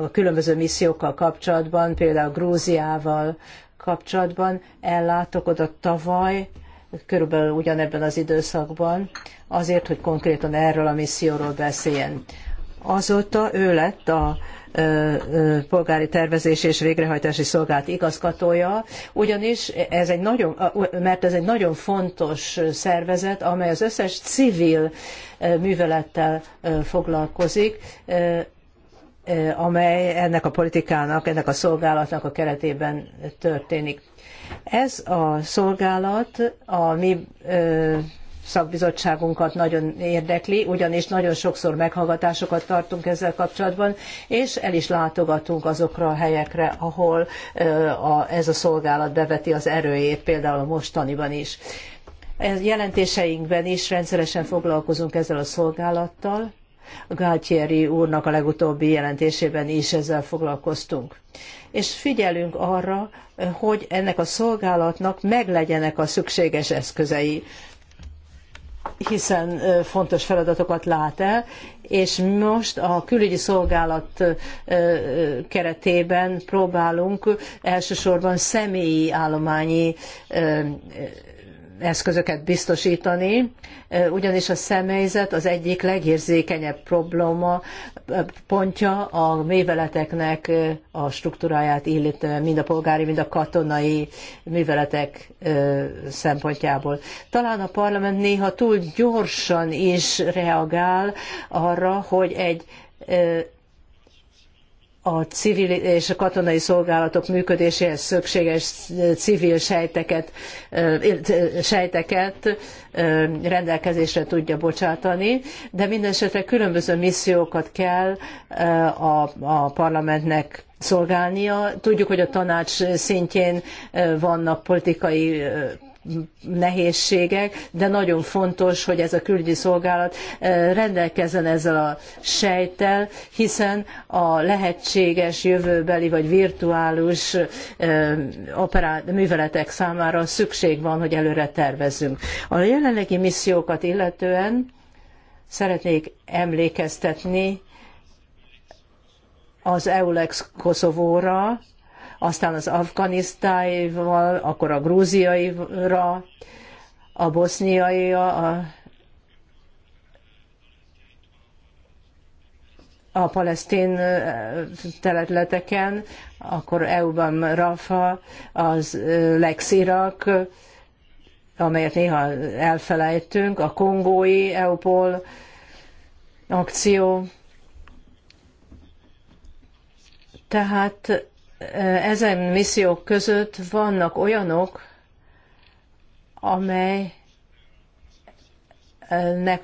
a különböző missziókkal kapcsolatban, például Grúziával kapcsolatban ellátok oda tavaly, körülbelül ugyanebben az időszakban, azért, hogy konkrétan erről a misszióról beszéljen. Azóta ő lett a polgári tervezés és végrehajtási szolgált igazgatója, ugyanis ez egy nagyon, mert ez egy nagyon fontos szervezet, amely az összes civil művelettel foglalkozik, amely ennek a politikának, ennek a szolgálatnak a keretében történik. Ez a szolgálat a mi szakbizottságunkat nagyon érdekli, ugyanis nagyon sokszor meghallgatásokat tartunk ezzel kapcsolatban, és el is látogatunk azokra a helyekre, ahol ez a szolgálat beveti az erőjét, például a mostaniban is. Jelentéseinkben is rendszeresen foglalkozunk ezzel a szolgálattal, Galtieri úrnak a legutóbbi jelentésében is ezzel foglalkoztunk. És figyelünk arra, hogy ennek a szolgálatnak meglegyenek a szükséges eszközei hiszen fontos feladatokat lát el, és most a külügyi szolgálat keretében próbálunk elsősorban személyi állományi eszközöket biztosítani, ugyanis a személyzet az egyik legérzékenyebb probléma, pontja a műveleteknek a struktúráját illetően, mind a polgári, mind a katonai műveletek szempontjából. Talán a parlament néha túl gyorsan is reagál arra, hogy egy a civil és a katonai szolgálatok működéséhez szükséges civil sejteket, sejteket rendelkezésre tudja bocsátani, de mindesetre különböző missziókat kell a, a parlamentnek szolgálnia. Tudjuk, hogy a tanács szintjén vannak politikai nehézségek, de nagyon fontos, hogy ez a külügyi szolgálat eh, rendelkezzen ezzel a sejttel, hiszen a lehetséges jövőbeli vagy virtuális eh, operát, műveletek számára szükség van, hogy előre tervezzünk. A jelenlegi missziókat illetően szeretnék emlékeztetni az EULEX Koszovóra, aztán az afganisztáival, akkor a grúziaira, a boszniaira, a, a palesztin területeken, akkor EU-ban Rafa, az Lex Irak, amelyet néha elfelejtünk, a kongói EUPOL akció. Tehát ezen missziók között vannak olyanok, amelynek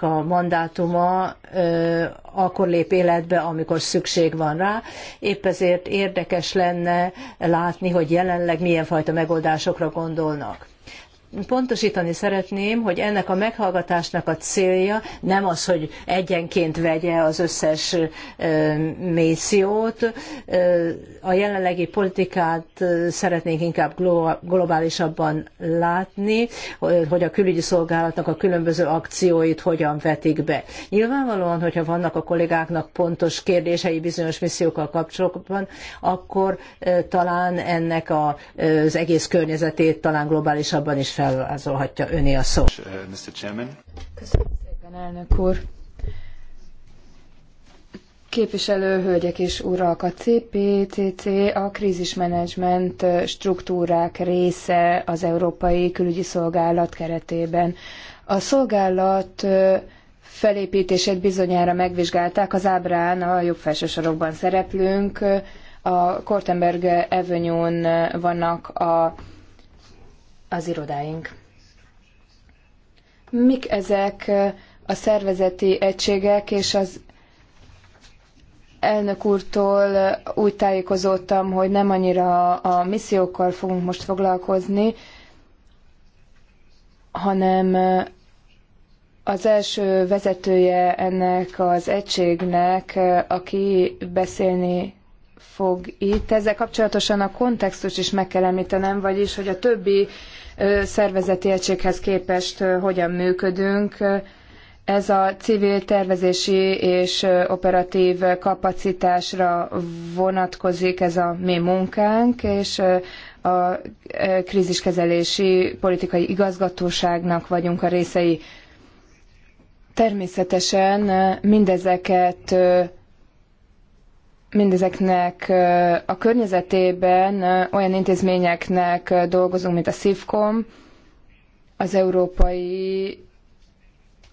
a mandátuma akkor lép életbe, amikor szükség van rá. Épp ezért érdekes lenne látni, hogy jelenleg milyen fajta megoldásokra gondolnak pontosítani szeretném, hogy ennek a meghallgatásnak a célja nem az, hogy egyenként vegye az összes missziót. A jelenlegi politikát szeretnénk inkább globálisabban látni, hogy a külügyi szolgálatnak a különböző akcióit hogyan vetik be. Nyilvánvalóan, hogyha vannak a kollégáknak pontos kérdései bizonyos missziókkal kapcsolatban, akkor talán ennek az egész környezetét talán globálisabban is felvázolhatja öné a szó. Köszönöm szépen, elnök úr. Képviselő hölgyek és urak, a CPCC a krízismenedzsment struktúrák része az Európai Külügyi Szolgálat keretében. A szolgálat felépítését bizonyára megvizsgálták, az ábrán a jobb felső sarokban szereplünk, a Kortenberg Avenue-n vannak a az irodáink. Mik ezek a szervezeti egységek, és az elnök úrtól úgy tájékozódtam, hogy nem annyira a missziókkal fogunk most foglalkozni, hanem az első vezetője ennek az egységnek, aki beszélni fog itt. Ezzel kapcsolatosan a kontextus is meg kell említenem, vagyis, hogy a többi szervezeti egységhez képest hogyan működünk. Ez a civil tervezési és operatív kapacitásra vonatkozik ez a mi munkánk, és a kríziskezelési politikai igazgatóságnak vagyunk a részei. Természetesen mindezeket mindezeknek a környezetében olyan intézményeknek dolgozunk, mint a SZIVKOM, az Európai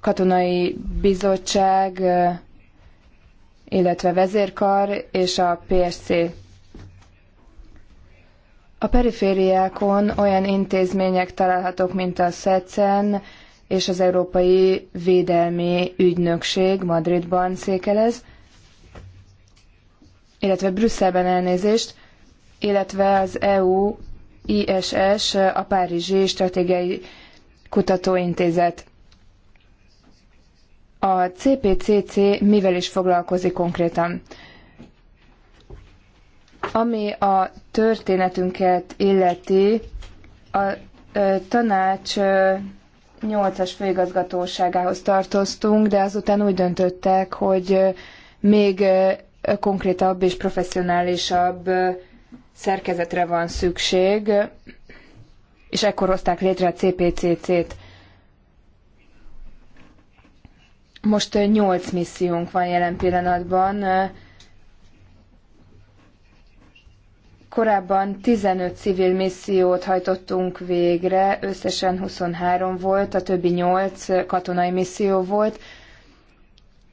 Katonai Bizottság, illetve vezérkar és a PSC. A perifériákon olyan intézmények találhatók, mint a SZECEN és az Európai Védelmi Ügynökség Madridban székelez, illetve Brüsszelben elnézést, illetve az EU ISS, a Párizsi Stratégiai Kutatóintézet. A CPCC mivel is foglalkozik konkrétan? Ami a történetünket illeti, a tanács 8-as főigazgatóságához tartoztunk, de azután úgy döntöttek, hogy még konkrétabb és professzionálisabb szerkezetre van szükség, és ekkor hozták létre a CPCC-t. Most nyolc missziónk van jelen pillanatban. Korábban 15 civil missziót hajtottunk végre, összesen 23 volt, a többi 8 katonai misszió volt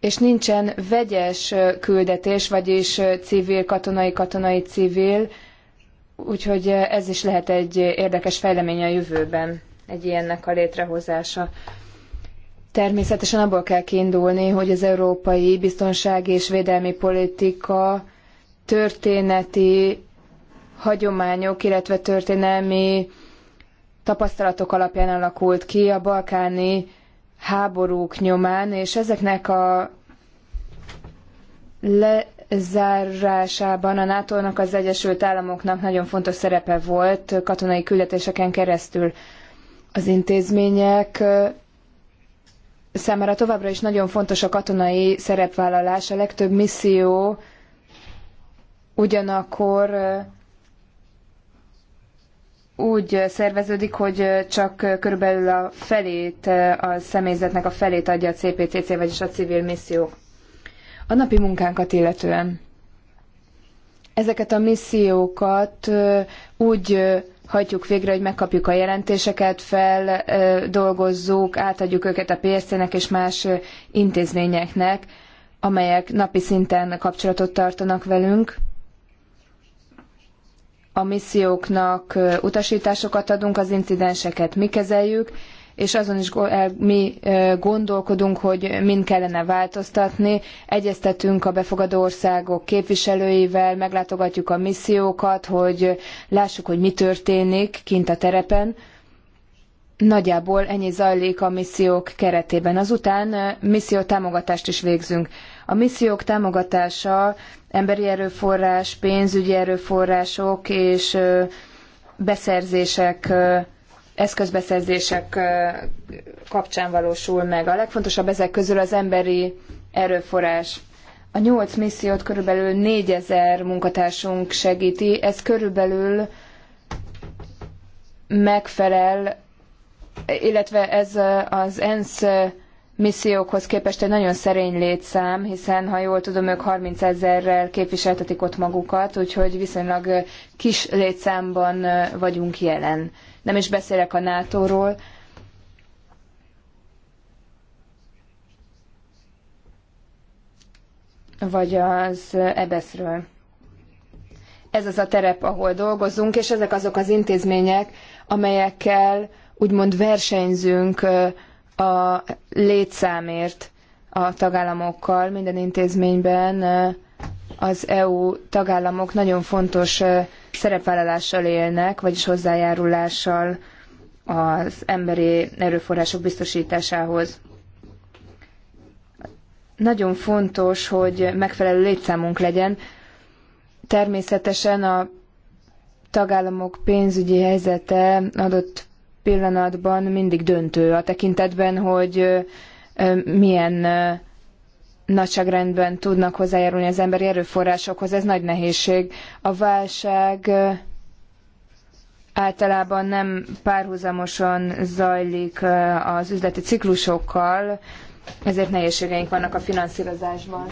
és nincsen vegyes küldetés, vagyis civil, katonai, katonai, civil, úgyhogy ez is lehet egy érdekes fejlemény a jövőben, egy ilyennek a létrehozása. Természetesen abból kell kiindulni, hogy az európai biztonsági és védelmi politika történeti hagyományok, illetve történelmi tapasztalatok alapján alakult ki a balkáni háborúk nyomán, és ezeknek a lezárásában a NATO-nak az Egyesült Államoknak nagyon fontos szerepe volt katonai küldetéseken keresztül. Az intézmények számára továbbra is nagyon fontos a katonai szerepvállalás. A legtöbb misszió ugyanakkor úgy szerveződik, hogy csak körülbelül a felét, a személyzetnek a felét adja a CPCC, vagyis a civil misszió. A napi munkánkat illetően. Ezeket a missziókat úgy hajtjuk végre, hogy megkapjuk a jelentéseket, feldolgozzuk, átadjuk őket a PSZ-nek és más intézményeknek, amelyek napi szinten kapcsolatot tartanak velünk a misszióknak utasításokat adunk, az incidenseket mi kezeljük, és azon is mi gondolkodunk, hogy min kellene változtatni. Egyeztetünk a befogadó országok képviselőivel, meglátogatjuk a missziókat, hogy lássuk, hogy mi történik kint a terepen. Nagyjából ennyi zajlik a missziók keretében. Azután misszió támogatást is végzünk. A missziók támogatása emberi erőforrás, pénzügyi erőforrások és beszerzések eszközbeszerzések kapcsán valósul meg. A legfontosabb ezek közül az emberi erőforrás. A nyolc missziót körülbelül 4000 munkatársunk segíti, ez körülbelül megfelel, illetve ez az ENSZ missziókhoz képest egy nagyon szerény létszám, hiszen ha jól tudom, ők 30 ezerrel képviseltetik ott magukat, úgyhogy viszonylag kis létszámban vagyunk jelen. Nem is beszélek a NATO-ról. Vagy az EBESZ-ről. Ez az a terep, ahol dolgozunk, és ezek azok az intézmények, amelyekkel úgymond versenyzünk a létszámért a tagállamokkal minden intézményben az EU tagállamok nagyon fontos szerepvállalással élnek, vagyis hozzájárulással az emberi erőforrások biztosításához. Nagyon fontos, hogy megfelelő létszámunk legyen. Természetesen a tagállamok pénzügyi helyzete adott pillanatban mindig döntő a tekintetben, hogy milyen nagyságrendben tudnak hozzájárulni az emberi erőforrásokhoz. Ez nagy nehézség. A válság általában nem párhuzamosan zajlik az üzleti ciklusokkal, ezért nehézségeink vannak a finanszírozásban.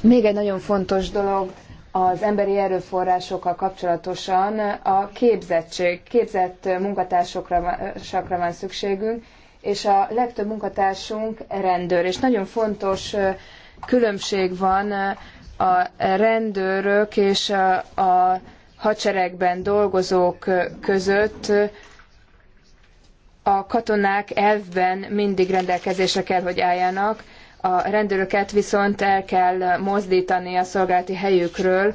Még egy nagyon fontos dolog az emberi erőforrásokkal kapcsolatosan a képzettség, képzett munkatársakra van szükségünk, és a legtöbb munkatársunk rendőr, és nagyon fontos különbség van a rendőrök és a hadseregben dolgozók között, a katonák elvben mindig rendelkezésre kell, hogy álljanak, a rendőröket viszont el kell mozdítani a szolgálati helyükről,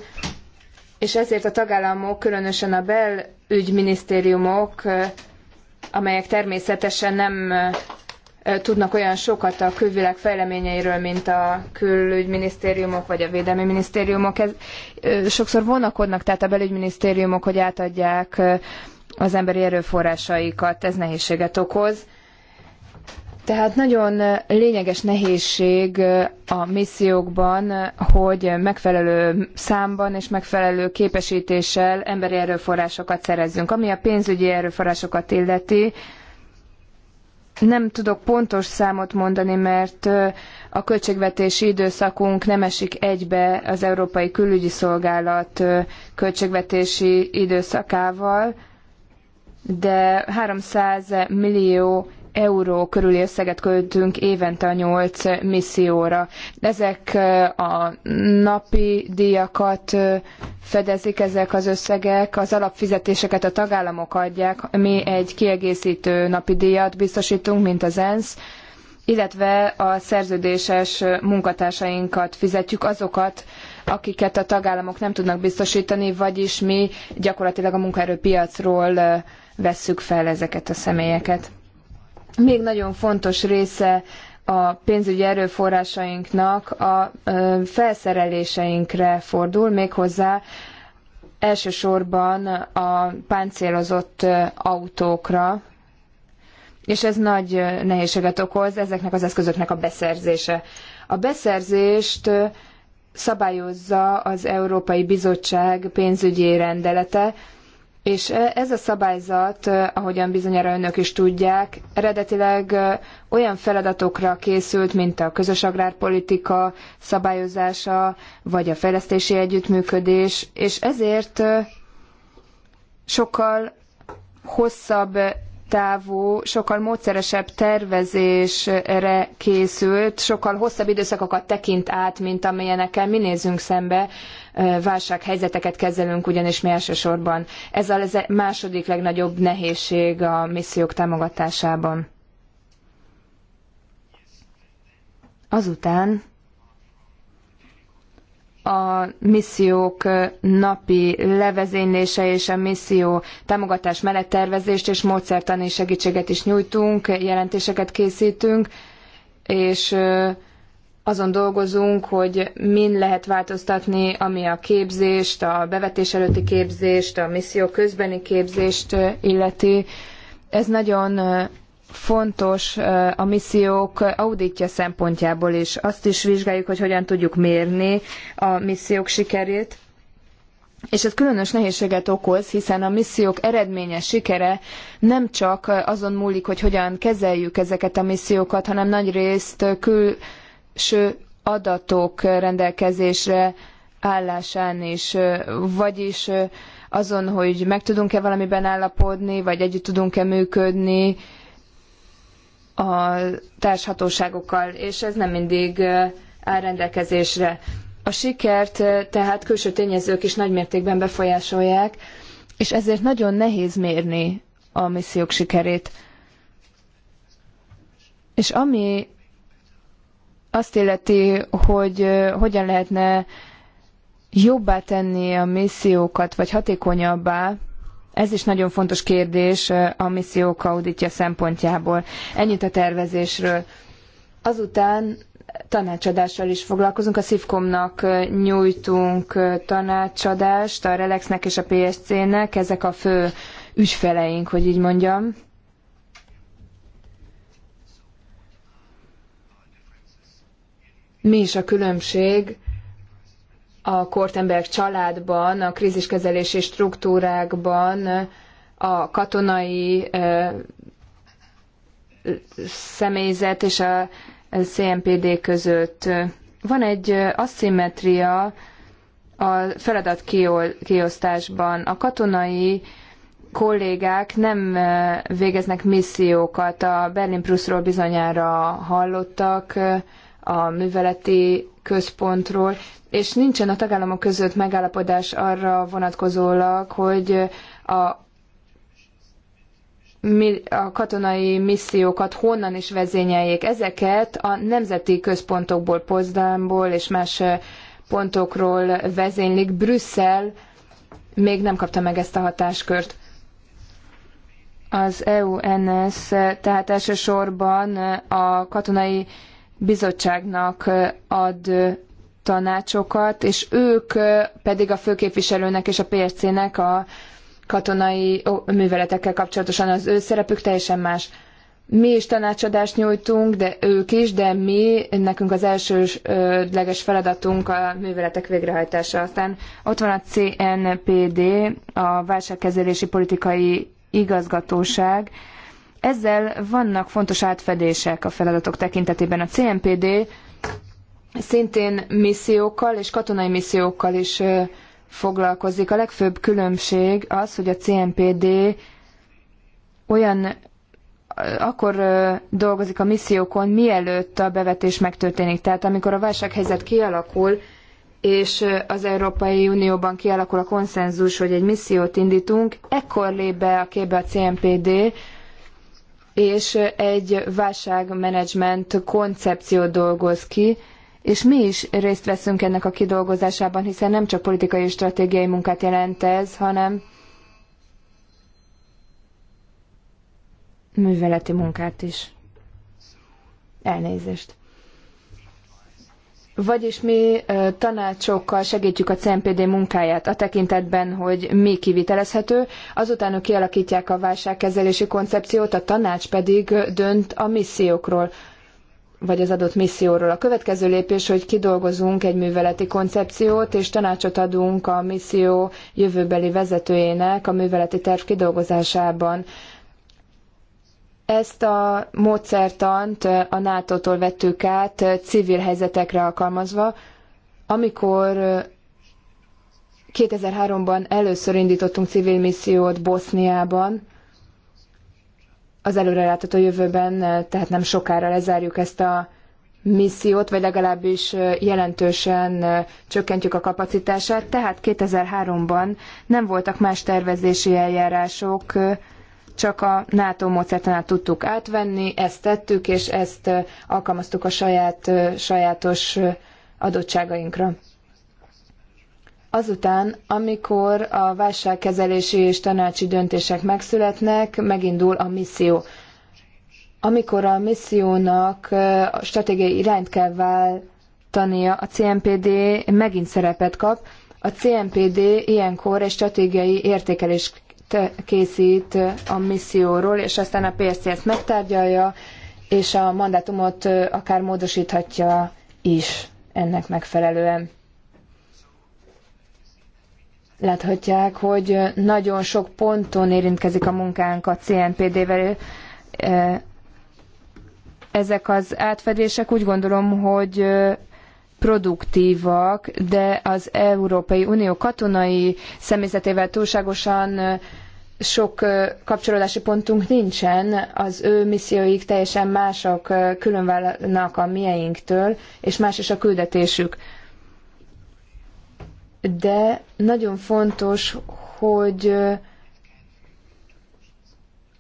és ezért a tagállamok, különösen a belügyminisztériumok, amelyek természetesen nem tudnak olyan sokat a külvilág fejleményeiről, mint a külügyminisztériumok vagy a védelmi minisztériumok. Ez, sokszor vonakodnak tehát a belügyminisztériumok, hogy átadják az emberi erőforrásaikat, ez nehézséget okoz. Tehát nagyon lényeges nehézség a missziókban, hogy megfelelő számban és megfelelő képesítéssel emberi erőforrásokat szerezzünk. Ami a pénzügyi erőforrásokat illeti, nem tudok pontos számot mondani, mert a költségvetési időszakunk nem esik egybe az Európai Külügyi Szolgálat költségvetési időszakával, de 300 millió euró körüli összeget költünk évente a nyolc misszióra. Ezek a napi díjakat fedezik ezek az összegek, az alapfizetéseket a tagállamok adják, mi egy kiegészítő napi díjat biztosítunk, mint az ENSZ, illetve a szerződéses munkatársainkat fizetjük, azokat, akiket a tagállamok nem tudnak biztosítani, vagyis mi gyakorlatilag a munkaerőpiacról vesszük fel ezeket a személyeket még nagyon fontos része a pénzügyi erőforrásainknak a felszereléseinkre fordul, méghozzá elsősorban a páncélozott autókra, és ez nagy nehézséget okoz ezeknek az eszközöknek a beszerzése. A beszerzést szabályozza az Európai Bizottság pénzügyi rendelete, és e, ez a szabályzat, e, ahogyan bizonyára önök is tudják, eredetileg e, olyan feladatokra készült, mint a közös agrárpolitika szabályozása, vagy a fejlesztési együttműködés, és ezért sokkal hosszabb távú, sokkal módszeresebb tervezésre készült, sokkal hosszabb időszakokat tekint át, mint amilyenekkel mi nézünk szembe, válsághelyzeteket kezelünk, ugyanis mi elsősorban. Ez a második legnagyobb nehézség a missziók támogatásában. Azután a missziók napi levezénylése és a misszió támogatás mellett tervezést és módszertani segítséget is nyújtunk, jelentéseket készítünk, és azon dolgozunk, hogy min lehet változtatni, ami a képzést, a bevetés előtti képzést, a misszió közbeni képzést illeti. Ez nagyon fontos a missziók auditja szempontjából is. Azt is vizsgáljuk, hogy hogyan tudjuk mérni a missziók sikerét. És ez különös nehézséget okoz, hiszen a missziók eredményes sikere nem csak azon múlik, hogy hogyan kezeljük ezeket a missziókat, hanem nagyrészt külső adatok rendelkezésre állásán is, vagyis azon, hogy meg tudunk-e valamiben állapodni, vagy együtt tudunk-e működni, a társhatóságokkal, és ez nem mindig áll rendelkezésre. A sikert tehát külső tényezők is nagymértékben befolyásolják, és ezért nagyon nehéz mérni a missziók sikerét. És ami azt illeti, hogy hogyan lehetne jobbá tenni a missziókat, vagy hatékonyabbá, ez is nagyon fontos kérdés a missziók auditja szempontjából. Ennyit a tervezésről. Azután tanácsadással is foglalkozunk. A Szivkomnak nyújtunk tanácsadást, a Relexnek és a PSC-nek. Ezek a fő ügyfeleink, hogy így mondjam. Mi is a különbség a Kortenberg családban, a kríziskezelési struktúrákban, a katonai személyzet és a CMPD között. Van egy aszimmetria a feladat kiosztásban. A katonai kollégák nem végeznek missziókat. A Berlin Plusról bizonyára hallottak, a műveleti központról, és nincsen a tagállamok között megállapodás arra vonatkozólag, hogy a a katonai missziókat honnan is vezényeljék. Ezeket a nemzeti központokból, Pozdánból és más eh, pontokról vezénylik. Brüsszel még nem kapta meg ezt a hatáskört. Az EU EUNS eh, tehát elsősorban eh, a katonai bizottságnak ad tanácsokat, és ők pedig a főképviselőnek és a PSC-nek a katonai műveletekkel kapcsolatosan az ő szerepük teljesen más. Mi is tanácsadást nyújtunk, de ők is, de mi, nekünk az elsődleges feladatunk a műveletek végrehajtása. Aztán ott van a CNPD, a Válságkezelési Politikai Igazgatóság, ezzel vannak fontos átfedések a feladatok tekintetében. A CMPD szintén missziókkal és katonai missziókkal is foglalkozik. A legfőbb különbség az, hogy a CMPD olyan akkor dolgozik a missziókon, mielőtt a bevetés megtörténik. Tehát amikor a válsághelyzet kialakul, és az Európai Unióban kialakul a konszenzus, hogy egy missziót indítunk, ekkor lép be a képbe a CMPD, és egy válságmenedzsment koncepciót dolgoz ki, és mi is részt veszünk ennek a kidolgozásában, hiszen nem csak politikai és stratégiai munkát jelent ez, hanem műveleti munkát is. Elnézést. Vagyis mi tanácsokkal segítjük a CNPD munkáját a tekintetben, hogy mi kivitelezhető, azután ők kialakítják a válságkezelési koncepciót, a tanács pedig dönt a missziókról vagy az adott misszióról. A következő lépés, hogy kidolgozunk egy műveleti koncepciót, és tanácsot adunk a misszió jövőbeli vezetőjének a műveleti terv kidolgozásában. Ezt a módszertant a NATO-tól vettük át eh, civil helyzetekre alkalmazva. Amikor 2003-ban eh, először indítottunk civil missziót Boszniában, az előrelátható jövőben, eh, tehát nem sokára lezárjuk ezt a missziót, vagy legalábbis jelentősen csökkentjük a kapacitását. Tehát 2003-ban nem voltak más tervezési eljárások, csak a NATO módszertanát tudtuk átvenni, ezt tettük, és ezt alkalmaztuk a saját, sajátos adottságainkra. Azután, amikor a válságkezelési és tanácsi döntések megszületnek, megindul a misszió. Amikor a missziónak a stratégiai irányt kell váltania, a CMPD megint szerepet kap. A CMPD ilyenkor egy stratégiai értékelést készít a misszióról, és aztán a PSC ezt megtárgyalja, és a mandátumot akár módosíthatja is ennek megfelelően. Láthatják, hogy nagyon sok ponton érintkezik a munkánk a CNPD-vel. Ezek az átfedések úgy gondolom, hogy produktívak, de az Európai Unió katonai személyzetével túlságosan sok kapcsolódási pontunk nincsen, az ő misszióik teljesen mások, különválnak a mieinktől, és más is a küldetésük. De nagyon fontos, hogy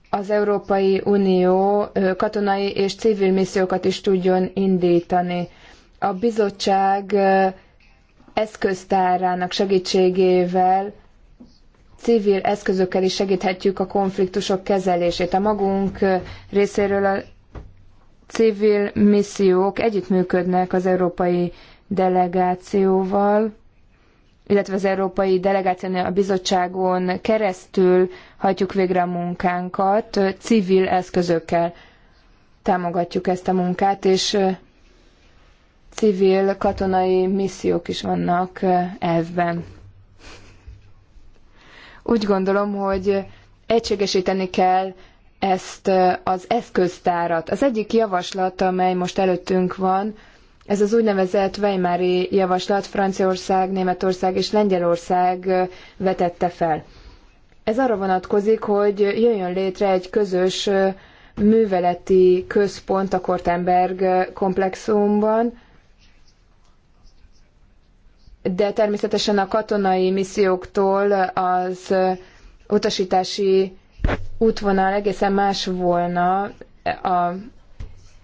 az Európai Unió katonai és civil missziókat is tudjon indítani a bizottság eszköztárának segítségével civil eszközökkel is segíthetjük a konfliktusok kezelését. A magunk részéről a civil missziók együttműködnek az európai delegációval, illetve az európai delegáción a bizottságon keresztül hajtjuk végre a munkánkat, civil eszközökkel támogatjuk ezt a munkát, és civil katonai missziók is vannak elvben. Úgy gondolom, hogy egységesíteni kell ezt az eszköztárat. Az egyik javaslat, amely most előttünk van, ez az úgynevezett Weimári javaslat Franciaország, Németország és Lengyelország vetette fel. Ez arra vonatkozik, hogy jöjjön létre egy közös műveleti központ a Kortenberg komplexumban, de természetesen a katonai misszióktól az utasítási útvonal egészen más volna. A,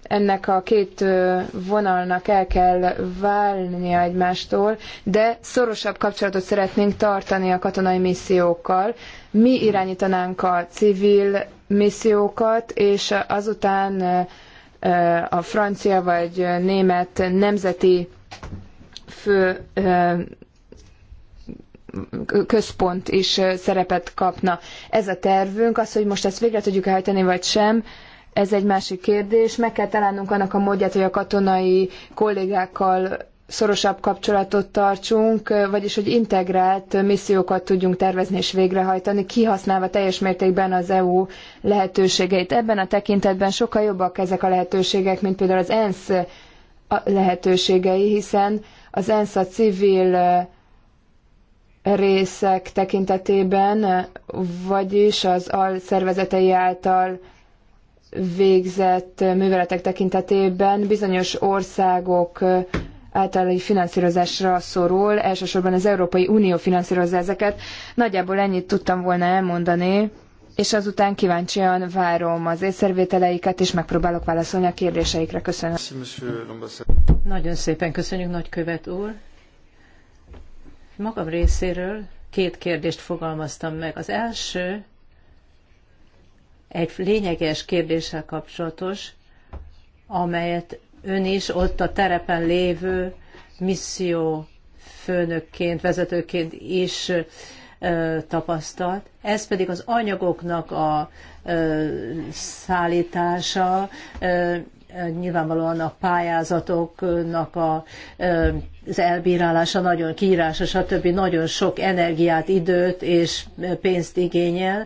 ennek a két vonalnak el kell válnia egymástól, de szorosabb kapcsolatot szeretnénk tartani a katonai missziókkal. Mi irányítanánk a civil missziókat, és azután a francia vagy német nemzeti fő központ is szerepet kapna. Ez a tervünk, az, hogy most ezt végre tudjuk hajtani, vagy sem, ez egy másik kérdés. Meg kell találnunk annak a módját, hogy a katonai kollégákkal szorosabb kapcsolatot tartsunk, vagyis hogy integrált missziókat tudjunk tervezni és végrehajtani, kihasználva teljes mértékben az EU lehetőségeit. Ebben a tekintetben sokkal jobbak ezek a lehetőségek, mint például az ENSZ lehetőségei, hiszen az ENSZ a civil részek tekintetében, vagyis az al szervezetei által végzett műveletek tekintetében bizonyos országok egy finanszírozásra szorul, elsősorban az Európai Unió finanszírozza ezeket. Nagyjából ennyit tudtam volna elmondani és azután kíváncsian várom az észrevételeiket, és megpróbálok válaszolni a kérdéseikre. Köszönöm. Nagyon szépen köszönjük, nagykövet úr. Magam részéről két kérdést fogalmaztam meg. Az első egy lényeges kérdéssel kapcsolatos, amelyet ön is ott a terepen lévő misszió főnökként, vezetőként is tapasztalt, ez pedig az anyagoknak a szállítása, nyilvánvalóan a pályázatoknak a, az elbírálása nagyon kiírása, stb. nagyon sok energiát, időt és pénzt igényel,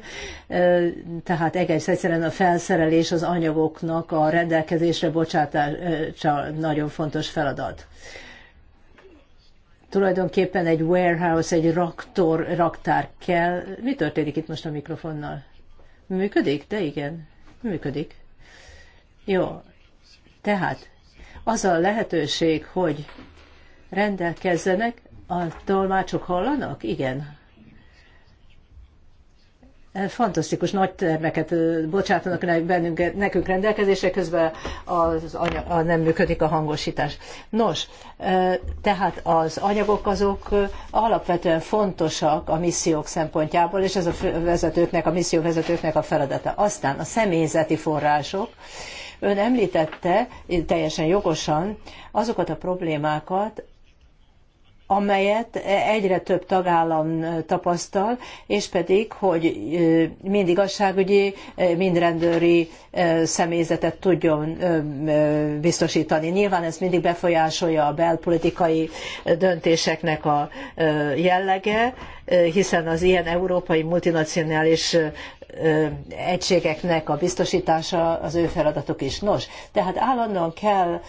tehát egész egyszerűen a felszerelés az anyagoknak a rendelkezésre bocsátása nagyon fontos feladat tulajdonképpen egy warehouse, egy raktor, raktár kell. Mi történik itt most a mikrofonnal? Működik? De igen, működik. Jó, tehát az a lehetőség, hogy rendelkezzenek, a tolmácsok hallanak? Igen, fantasztikus nagy termeket bocsátanak bennünket, nekünk rendelkezésre, közben az anya, a, nem működik a hangosítás. Nos, tehát az anyagok azok alapvetően fontosak a missziók szempontjából, és ez a vezetőknek, a misszióvezetőknek a feladata. Aztán a személyzeti források. Ön említette teljesen jogosan azokat a problémákat, amelyet egyre több tagállam tapasztal, és pedig, hogy mind igazságügyi, mind rendőri személyzetet tudjon biztosítani. Nyilván ez mindig befolyásolja a belpolitikai döntéseknek a jellege, hiszen az ilyen európai multinacionális egységeknek a biztosítása az ő feladatuk is. Nos, tehát állandóan kell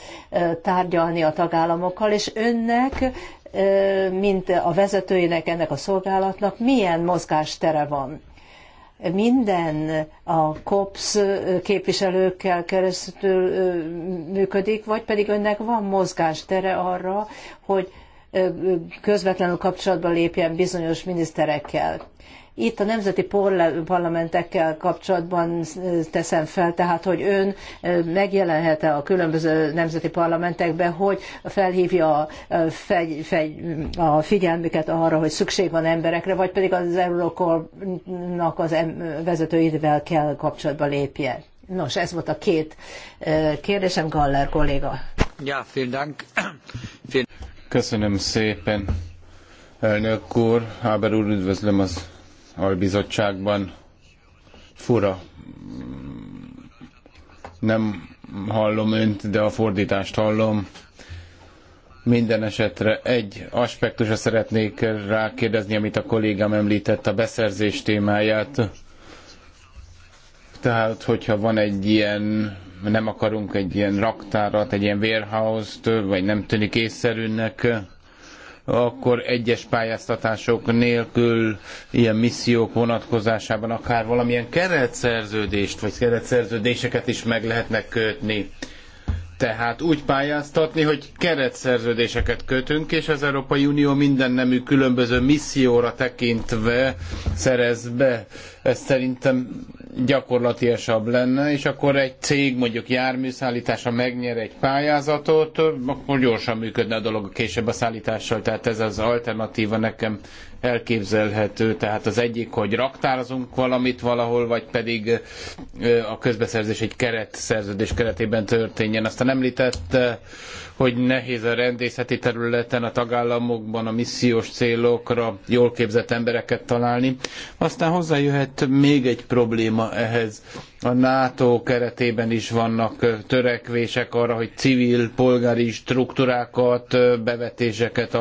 tárgyalni a tagállamokkal, és önnek mint a vezetőinek ennek a szolgálatnak milyen mozgástere van. Minden a COPS képviselőkkel keresztül működik, vagy pedig önnek van mozgástere arra, hogy közvetlenül kapcsolatba lépjen bizonyos miniszterekkel. Itt a nemzeti parlamentekkel kapcsolatban teszem fel, tehát hogy ön megjelenhet-e a különböző nemzeti parlamentekben, hogy felhívja a, fegy, fegy, a figyelmüket arra, hogy szükség van emberekre, vagy pedig az Eurocorp-nak az vezetőidvel kell kapcsolatba lépje. Nos, ez volt a két kérdésem, Galler kolléga. Ja, vielen Dank. Köszönöm szépen. Elnök úr, Háber úr, üdvözlöm az albizottságban. Fura. Nem hallom önt, de a fordítást hallom. Minden esetre egy aspektusra szeretnék rákérdezni, amit a kollégám említett, a beszerzés témáját. Tehát, hogyha van egy ilyen, nem akarunk egy ilyen raktárat, egy ilyen warehouse-t, vagy nem tűnik észszerűnek, akkor egyes pályáztatások nélkül ilyen missziók vonatkozásában akár valamilyen keretszerződést vagy keretszerződéseket is meg lehetne kötni. Tehát úgy pályáztatni, hogy keretszerződéseket kötünk, és az Európai Unió minden nemű különböző misszióra tekintve szerez be. Ez szerintem gyakorlatiasabb lenne, és akkor egy cég mondjuk járműszállítása megnyer egy pályázatot, akkor gyorsan működne a dolog később a szállítással, tehát ez az alternatíva nekem elképzelhető. Tehát az egyik, hogy raktározunk valamit valahol, vagy pedig a közbeszerzés egy keret szerződés keretében történjen. Aztán említett, hogy nehéz a rendészeti területen, a tagállamokban a missziós célokra jól képzett embereket találni. Aztán hozzájöhet még egy probléma ehhez, a NATO keretében is vannak törekvések arra, hogy civil, polgári struktúrákat, bevetéseket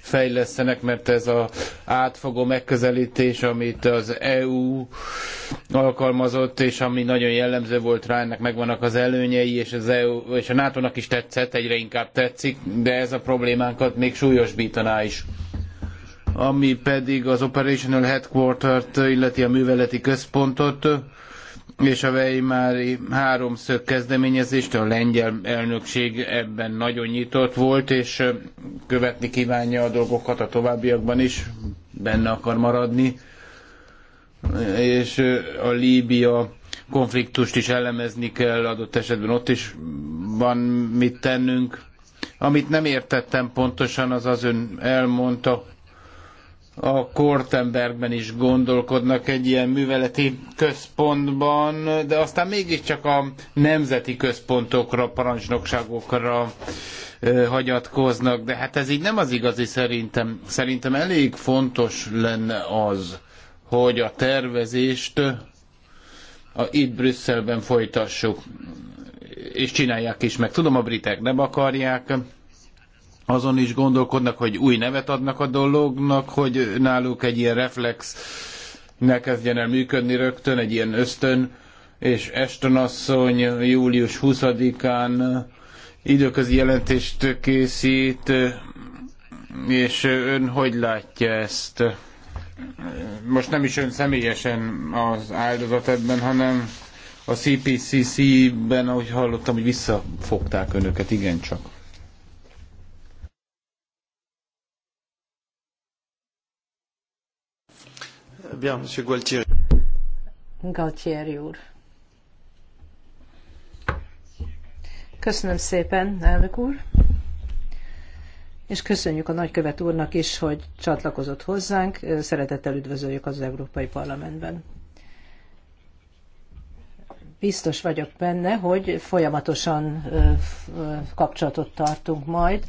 fejlesztenek, mert ez az átfogó megközelítés, amit az EU alkalmazott, és ami nagyon jellemző volt rá, ennek megvannak az előnyei, és, az EU, és a NATO-nak is tetszett, egyre inkább tetszik, de ez a problémánkat még súlyosbítaná is ami pedig az Operational Headquarter-t illeti a műveleti központot és a Weimári háromszög kezdeményezést a lengyel elnökség ebben nagyon nyitott volt, és követni kívánja a dolgokat a továbbiakban is, benne akar maradni, és a Líbia konfliktust is elemezni kell, adott esetben ott is van mit tennünk. Amit nem értettem pontosan, az az ön elmondta, a Kortenbergben is gondolkodnak egy ilyen műveleti központban, de aztán mégiscsak a nemzeti központokra, parancsnokságokra hagyatkoznak, de hát ez így nem az igazi szerintem. Szerintem elég fontos lenne az, hogy a tervezést a, itt Brüsszelben folytassuk, és csinálják is meg. Tudom, a britek nem akarják, azon is gondolkodnak, hogy új nevet adnak a dolognak, hogy náluk egy ilyen reflex ne kezdjen el működni rögtön, egy ilyen ösztön, és Eston asszony július 20-án időközi jelentést készít, és ön hogy látja ezt? Most nem is ön személyesen az áldozat ebben, hanem a CPCC-ben, ahogy hallottam, hogy visszafogták önöket, igencsak. Bien, Gualtieri. úr. Köszönöm szépen, elnök úr. És köszönjük a nagykövet úrnak is, hogy csatlakozott hozzánk. Szeretettel üdvözöljük az Európai Parlamentben. Biztos vagyok benne, hogy folyamatosan kapcsolatot tartunk majd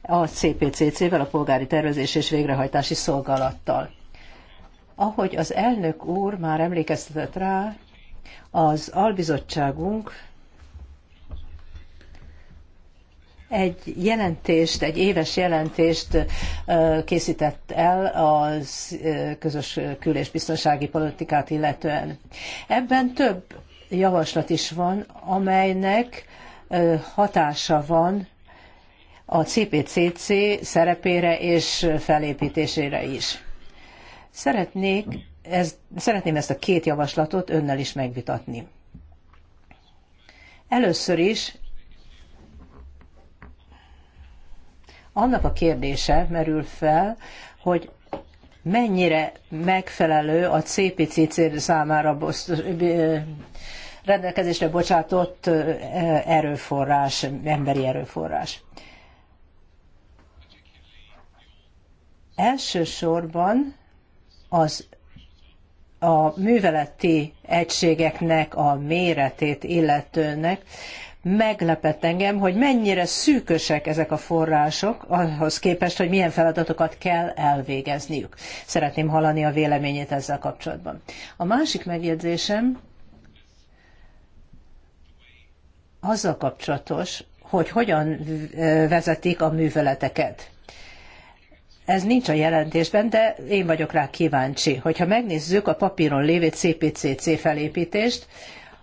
a CPCC-vel, a Polgári Tervezés és Végrehajtási Szolgálattal. Ahogy az elnök úr már emlékeztetett rá, az albizottságunk egy jelentést, egy éves jelentést készített el a közös kül- és biztonsági politikát illetően. Ebben több javaslat is van, amelynek hatása van a CPCC szerepére és felépítésére is. Szeretnék ez, szeretném ezt a két javaslatot önnel is megvitatni. Először is annak a kérdése merül fel, hogy mennyire megfelelő a CPCC számára rendelkezésre bocsátott erőforrás, emberi erőforrás. Elsősorban az a műveleti egységeknek a méretét illetőnek, meglepett engem, hogy mennyire szűkösek ezek a források ahhoz képest, hogy milyen feladatokat kell elvégezniük. Szeretném hallani a véleményét ezzel kapcsolatban. A másik megjegyzésem azzal kapcsolatos, hogy hogyan vezetik a műveleteket. Ez nincs a jelentésben, de én vagyok rá kíváncsi. Hogyha megnézzük a papíron lévő CPCC felépítést,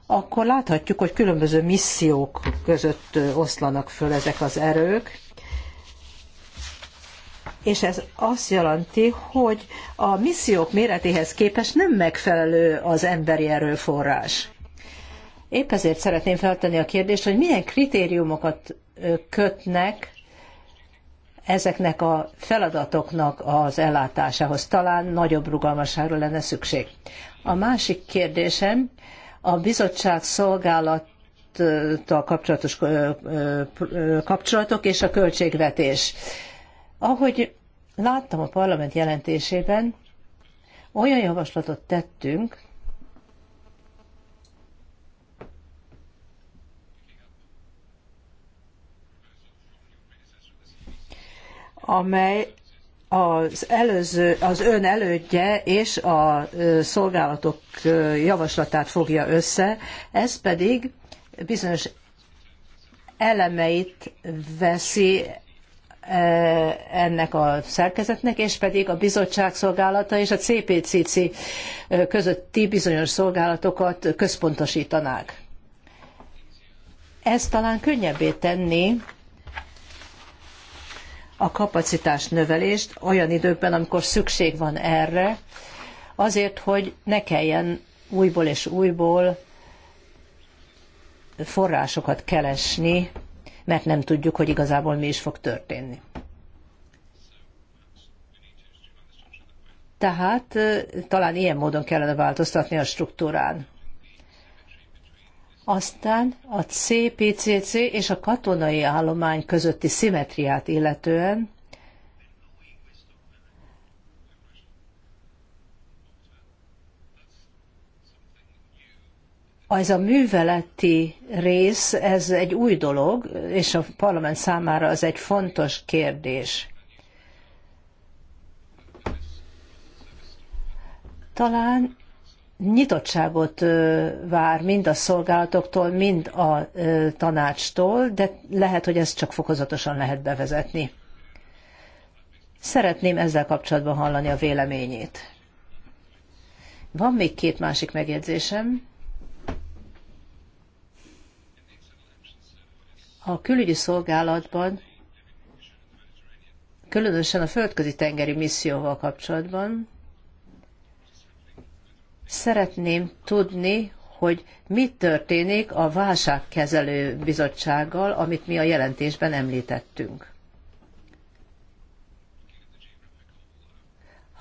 akkor láthatjuk, hogy különböző missziók között oszlanak föl ezek az erők, és ez azt jelenti, hogy a missziók méretéhez képest nem megfelelő az emberi erőforrás. Épp ezért szeretném feltenni a kérdést, hogy milyen kritériumokat kötnek ezeknek a feladatoknak az ellátásához. Talán nagyobb rugalmasságra lenne szükség. A másik kérdésem a bizottság szolgálat kapcsolatos kapcsolatok és a költségvetés. Ahogy láttam a parlament jelentésében, olyan javaslatot tettünk, amely az, előző, az ön elődje és a szolgálatok javaslatát fogja össze, ez pedig bizonyos elemeit veszi ennek a szerkezetnek, és pedig a bizottság szolgálata és a CPCC közötti bizonyos szolgálatokat központosítanák. Ez talán könnyebbé tenni a kapacitás növelést olyan időkben, amikor szükség van erre, azért, hogy ne kelljen újból és újból forrásokat keresni, mert nem tudjuk, hogy igazából mi is fog történni. Tehát talán ilyen módon kellene változtatni a struktúrán. Aztán a CPCC és a katonai állomány közötti szimetriát illetően Ez a műveleti rész, ez egy új dolog, és a parlament számára az egy fontos kérdés. Talán nyitottságot vár mind a szolgálatoktól, mind a tanácstól, de lehet, hogy ezt csak fokozatosan lehet bevezetni. Szeretném ezzel kapcsolatban hallani a véleményét. Van még két másik megjegyzésem. A külügyi szolgálatban, különösen a földközi tengeri misszióval kapcsolatban, Szeretném tudni, hogy mi történik a válságkezelő bizottsággal, amit mi a jelentésben említettünk.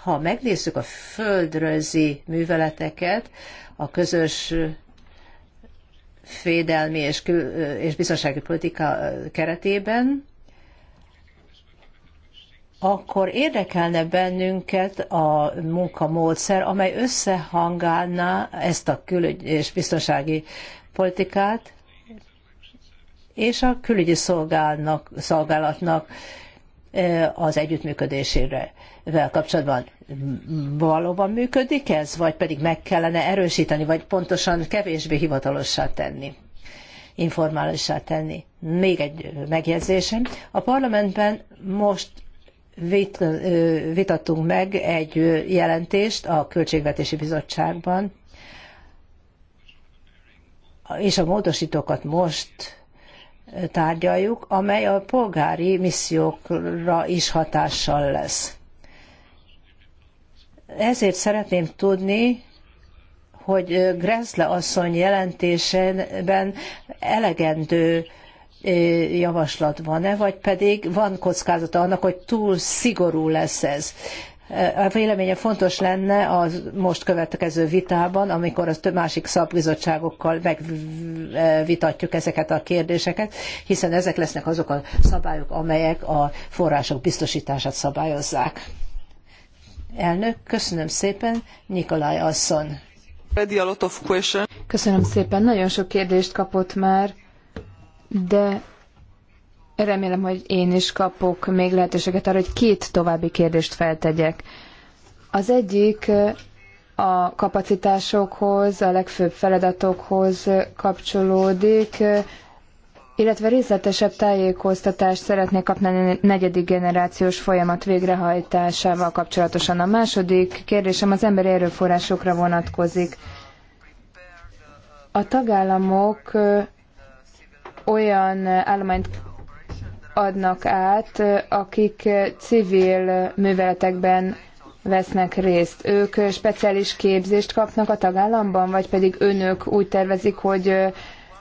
Ha megnézzük a földrajzi műveleteket, a közös védelmi és, és biztonsági politika keretében, akkor érdekelne bennünket a munkamódszer, amely összehangálná ezt a külügy és biztonsági politikát, és a külügyi szolgálnak, szolgálatnak e, az együttműködésére vel kapcsolatban valóban működik ez, vagy pedig meg kellene erősíteni, vagy pontosan kevésbé hivatalossá tenni, informálissá tenni. Még egy megjegyzésem. A parlamentben most vit, vitattunk meg egy jelentést a Költségvetési Bizottságban, és a módosítókat most tárgyaljuk, amely a polgári missziókra is hatással lesz. Ezért szeretném tudni, hogy Grenzle asszony jelentésében elegendő javaslat van-e, vagy pedig van kockázata annak, hogy túl szigorú lesz ez. A véleménye fontos lenne a most következő vitában, amikor a másik szakbizottságokkal megvitatjuk ezeket a kérdéseket, hiszen ezek lesznek azok a szabályok, amelyek a források biztosítását szabályozzák. Elnök, köszönöm szépen, Nikolaj Asszon. Köszönöm szépen, nagyon sok kérdést kapott már de remélem, hogy én is kapok még lehetőséget arra, hogy két további kérdést feltegyek. Az egyik a kapacitásokhoz, a legfőbb feladatokhoz kapcsolódik, illetve részletesebb tájékoztatást szeretnék kapni a negyedik generációs folyamat végrehajtásával kapcsolatosan. A második kérdésem az emberi erőforrásokra vonatkozik. A tagállamok olyan állományt adnak át, akik civil műveletekben vesznek részt. Ők speciális képzést kapnak a tagállamban, vagy pedig önök úgy tervezik, hogy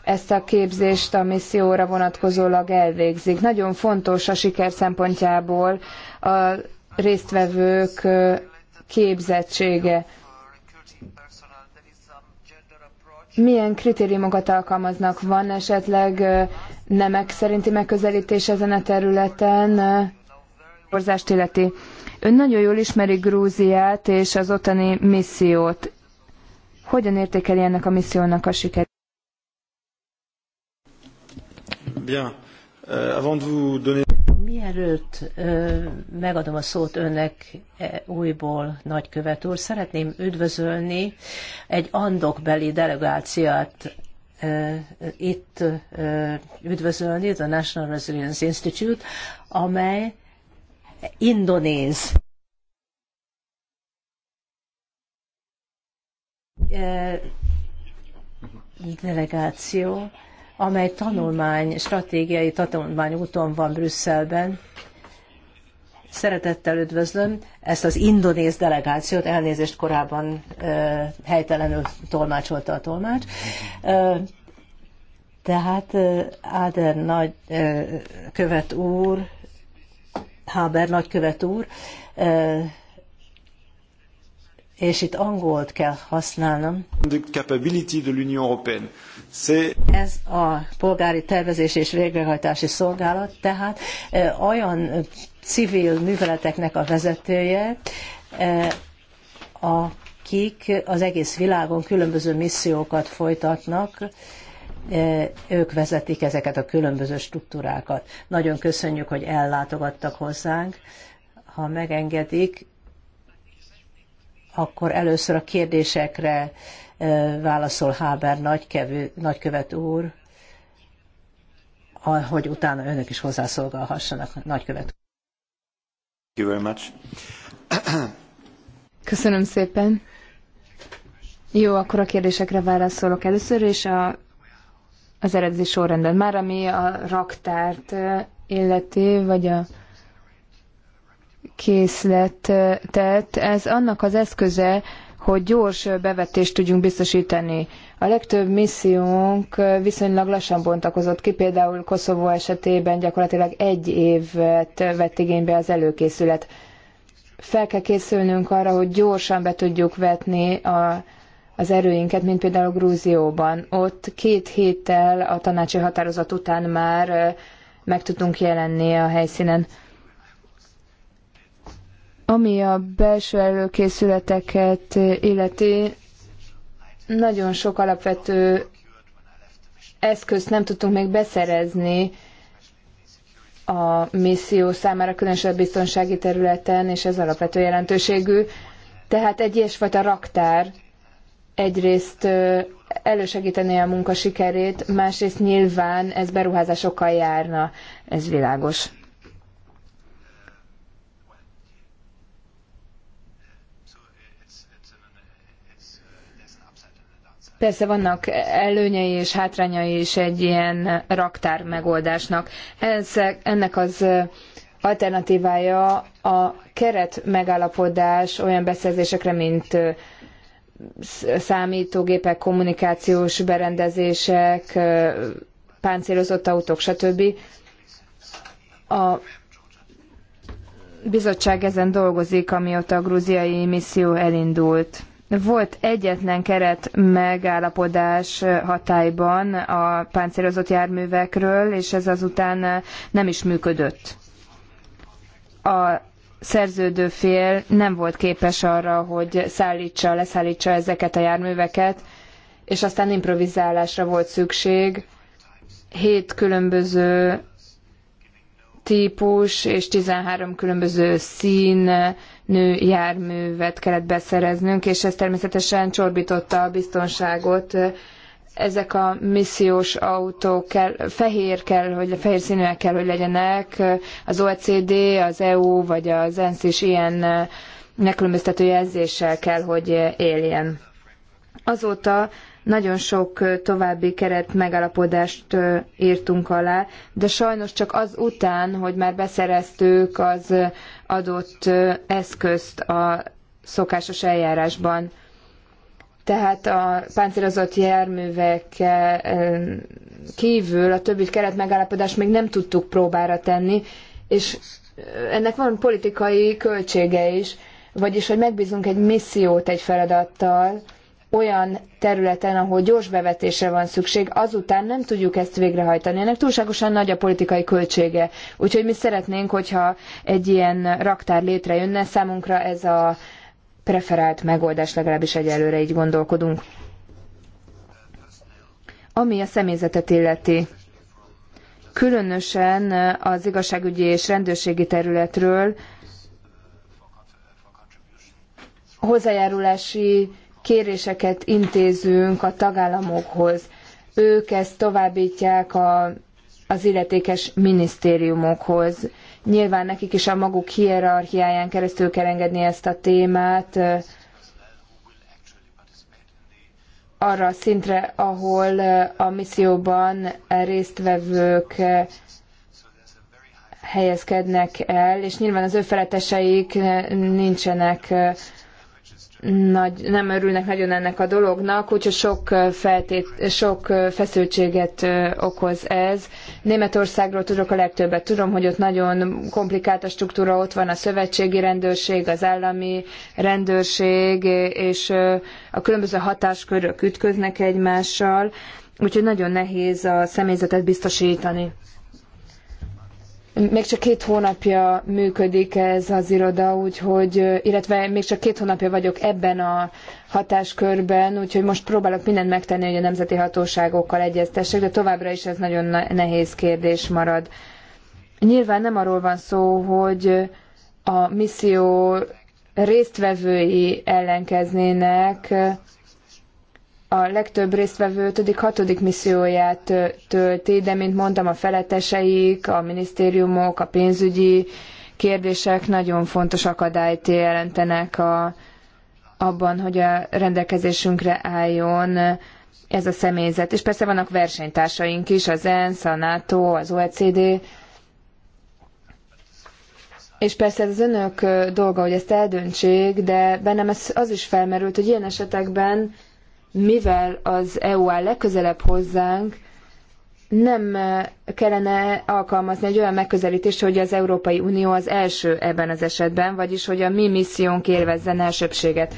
ezt a képzést a misszióra vonatkozólag elvégzik. Nagyon fontos a siker szempontjából a résztvevők képzettsége. Milyen kritériumokat alkalmaznak? Van esetleg nemek szerinti megközelítés ezen a területen? Orzást illeti. Ön nagyon jól ismeri Grúziát és az ottani missziót. Hogyan értékeli ennek a missziónak a sikerét? Bien. Euh, avant de vous donner Mielőtt megadom a szót önnek e, újból, nagykövet úr, szeretném üdvözölni egy andokbeli delegáciát itt üdvözölni, a National Resilience Institute, amely indonéz. delegáció amely tanulmány, stratégiai tanulmány úton van Brüsszelben. Szeretettel üdvözlöm ezt az indonéz delegációt, elnézést korábban helytelenül tolmácsolta a tolmács. tehát Áder nagy úr, Háber nagykövet úr, és itt angolt kell használnom. Ez a polgári tervezés és végrehajtási szolgálat, tehát olyan civil műveleteknek a vezetője, akik az egész világon különböző missziókat folytatnak, ők vezetik ezeket a különböző struktúrákat. Nagyon köszönjük, hogy ellátogattak hozzánk. Ha megengedik, akkor először a kérdésekre válaszol Háber nagykevő, nagykövet úr, hogy utána önök is hozzászolgálhassanak nagykövet. Thank you very much. Köszönöm szépen. Jó, akkor a kérdésekre válaszolok először, és a, az eredeti sorrendben. Már ami a raktárt illeti, vagy a készletet, ez annak az eszköze, hogy gyors bevetést tudjunk biztosítani. A legtöbb missziónk viszonylag lassan bontakozott ki, például Koszovó esetében gyakorlatilag egy évet vett igénybe az előkészület. Fel kell készülnünk arra, hogy gyorsan be tudjuk vetni a, az erőinket, mint például Grúzióban. Ott két héttel a tanácsi határozat után már meg tudtunk jelenni a helyszínen. Ami a belső előkészületeket illeti, nagyon sok alapvető eszközt nem tudtunk még beszerezni a misszió számára, különösen a biztonsági területen, és ez alapvető jelentőségű. Tehát egy ilyesfajta raktár egyrészt elősegítené a munka sikerét, másrészt nyilván ez beruházásokkal járna, ez világos. Persze vannak előnyei és hátrányai is egy ilyen raktár megoldásnak. Ez, ennek az alternatívája a keret megállapodás olyan beszerzésekre, mint számítógépek, kommunikációs berendezések, páncélozott autók, stb. A bizottság ezen dolgozik, amióta a grúziai misszió elindult volt egyetlen keret megállapodás hatályban a páncélozott járművekről, és ez azután nem is működött. A szerződő fél nem volt képes arra, hogy szállítsa, leszállítsa ezeket a járműveket, és aztán improvizálásra volt szükség. Hét különböző típus és 13 különböző nő járművet kellett beszereznünk, és ez természetesen csorbította a biztonságot. Ezek a missziós autók kell, fehér kell, hogy fehér színűek kell, hogy legyenek. Az OECD, az EU vagy az ENSZ is ilyen megkülönböztető jelzéssel kell, hogy éljen. Azóta nagyon sok további keret megállapodást írtunk alá, de sajnos csak az után, hogy már beszereztük az adott eszközt a szokásos eljárásban. Tehát a páncélozott járművek kívül a többi keret megállapodást még nem tudtuk próbára tenni, és ennek van politikai költsége is, vagyis hogy megbízunk egy missziót egy feladattal, olyan területen, ahol gyors bevetésre van szükség, azután nem tudjuk ezt végrehajtani. Ennek túlságosan nagy a politikai költsége. Úgyhogy mi szeretnénk, hogyha egy ilyen raktár létrejönne, számunkra ez a preferált megoldás, legalábbis egyelőre így gondolkodunk. Ami a személyzetet illeti, különösen az igazságügyi és rendőrségi területről hozzájárulási kéréseket intézünk a tagállamokhoz. Ők ezt továbbítják a, az illetékes minisztériumokhoz. Nyilván nekik is a maguk hierarchiáján keresztül kell engedni ezt a témát arra a szintre, ahol a misszióban résztvevők helyezkednek el, és nyilván az ő feleteseik nincsenek nagy, nem örülnek nagyon ennek a dolognak, úgyhogy sok, feltét, sok feszültséget okoz ez. Németországról tudok a legtöbbet. Tudom, hogy ott nagyon komplikált a struktúra, ott van a szövetségi rendőrség, az állami rendőrség, és a különböző hatáskörök ütköznek egymással, úgyhogy nagyon nehéz a személyzetet biztosítani még csak két hónapja működik ez az iroda, úgyhogy, illetve még csak két hónapja vagyok ebben a hatáskörben, úgyhogy most próbálok mindent megtenni, hogy a nemzeti hatóságokkal egyeztessek, de továbbra is ez nagyon nehéz kérdés marad. Nyilván nem arról van szó, hogy a misszió résztvevői ellenkeznének, a legtöbb résztvevő 5.-6. misszióját tölti, de mint mondtam, a feleteseik, a minisztériumok, a pénzügyi kérdések nagyon fontos akadályt jelentenek a, abban, hogy a rendelkezésünkre álljon ez a személyzet. És persze vannak versenytársaink is, az ENSZ, a NATO, az OECD, és persze ez az önök dolga, hogy ezt eldöntsék, de bennem ez az is felmerült, hogy ilyen esetekben mivel az EU áll legközelebb hozzánk, nem eh, kellene alkalmazni egy olyan megközelítést, hogy az Európai Unió az első ebben az esetben, vagyis hogy a mi missziónk élvezzen elsőbséget.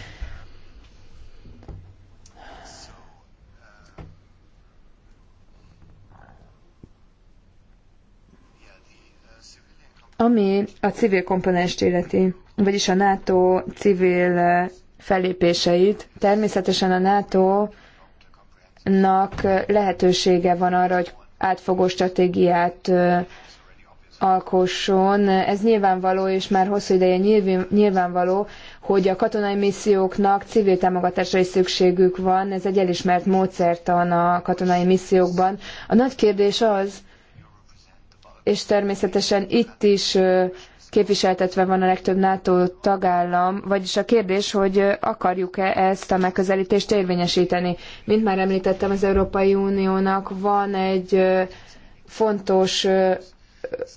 Ami a civil komponens illeti, vagyis a NATO civil eh, fellépéseit. Természetesen a NATO-nak lehetősége van arra, hogy átfogó stratégiát alkosson. Ez nyilvánvaló, és már hosszú ideje nyilvánvaló, hogy a katonai misszióknak civil támogatásra is szükségük van. Ez egy elismert módszertan a katonai missziókban. A nagy kérdés az, és természetesen itt is képviseltetve van a legtöbb NATO tagállam, vagyis a kérdés, hogy akarjuk-e ezt a megközelítést érvényesíteni. Mint már említettem, az Európai Uniónak van egy fontos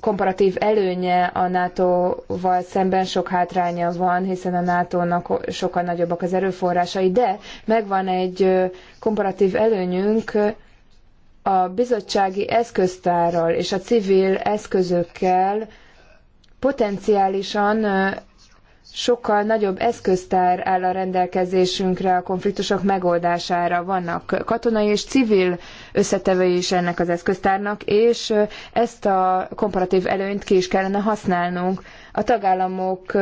komparatív előnye a NATO-val szemben, sok hátránya van, hiszen a NATO-nak sokkal nagyobbak az erőforrásai, de megvan egy komparatív előnyünk a bizottsági eszköztárral és a civil eszközökkel, potenciálisan sokkal nagyobb eszköztár áll a rendelkezésünkre a konfliktusok megoldására. Vannak katonai és civil összetevői is ennek az eszköztárnak, és ezt a komparatív előnyt ki is kellene használnunk. A tagállamok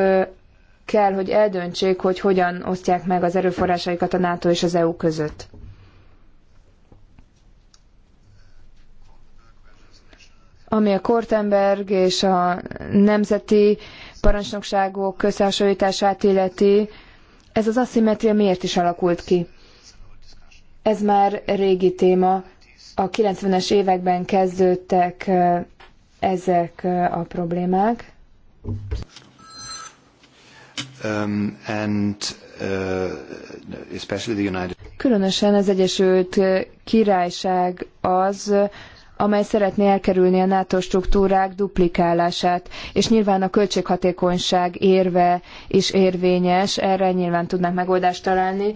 kell, hogy eldöntsék, hogy hogyan osztják meg az erőforrásaikat a NATO és az EU között. ami a Kortenberg és a nemzeti parancsnokságok összehasonlítását illeti, ez az aszimetria miért is alakult ki? Ez már régi téma. A 90-es években kezdődtek ezek a problémák. Um, and, uh, especially the United... Különösen az Egyesült Királyság az, amely szeretné elkerülni a NATO struktúrák duplikálását, és nyilván a költséghatékonyság érve is érvényes, erre nyilván tudnak megoldást találni,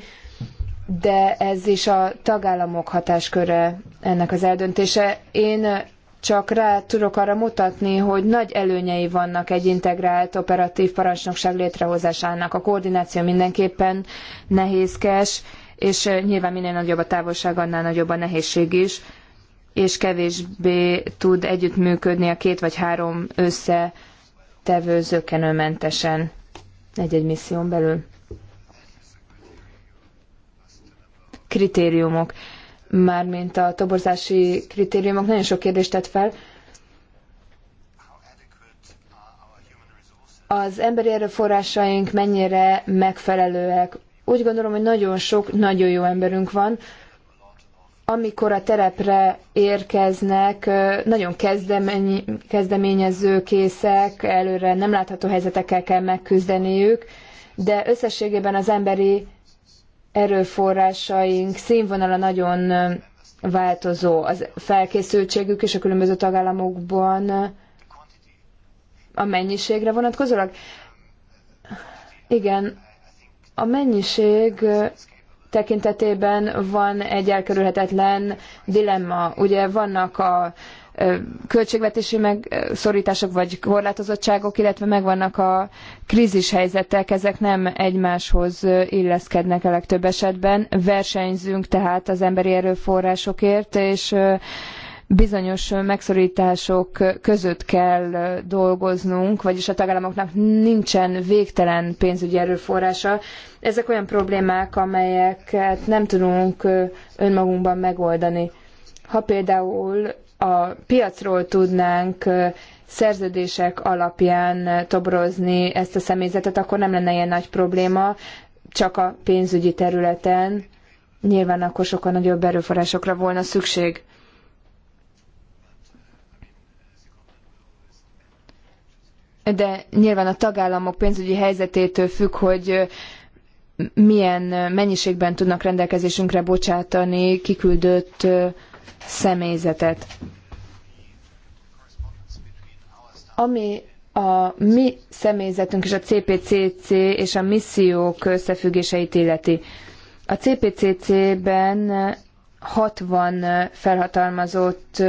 de ez is a tagállamok hatásköre ennek az eldöntése. Én csak rá tudok arra mutatni, hogy nagy előnyei vannak egy integrált operatív parancsnokság létrehozásának. A koordináció mindenképpen nehézkes, és nyilván minél nagyobb a távolság, annál nagyobb a nehézség is és kevésbé tud együttműködni a két vagy három összetevő zökenőmentesen egy-egy misszión belül. Kritériumok. Mármint a toborzási kritériumok nagyon sok kérdést tett fel. Az emberi erőforrásaink mennyire megfelelőek? Úgy gondolom, hogy nagyon sok, nagyon jó emberünk van, amikor a terepre érkeznek, nagyon kezdemény, kezdeményezőkészek, előre nem látható helyzetekkel kell megküzdeniük, de összességében az emberi erőforrásaink színvonala nagyon változó. Az felkészültségük és a különböző tagállamokban a mennyiségre vonatkozólag? Igen, a mennyiség tekintetében van egy elkerülhetetlen dilemma. Ugye vannak a költségvetési megszorítások vagy korlátozottságok, illetve megvannak a krízis helyzetek, ezek nem egymáshoz illeszkednek a legtöbb esetben. Versenyzünk tehát az emberi erőforrásokért, és bizonyos megszorítások között kell dolgoznunk, vagyis a tagállamoknak nincsen végtelen pénzügyi erőforrása. Ezek olyan problémák, amelyeket nem tudunk önmagunkban megoldani. Ha például a piacról tudnánk szerződések alapján toborozni ezt a személyzetet, akkor nem lenne ilyen nagy probléma, csak a pénzügyi területen nyilván akkor sokkal nagyobb erőforrásokra volna szükség. de nyilván a tagállamok pénzügyi helyzetétől függ, hogy milyen mennyiségben tudnak rendelkezésünkre bocsátani kiküldött személyzetet. Ami a mi személyzetünk és a CPCC és a missziók összefüggéseit illeti. A CPCC-ben 60 felhatalmazott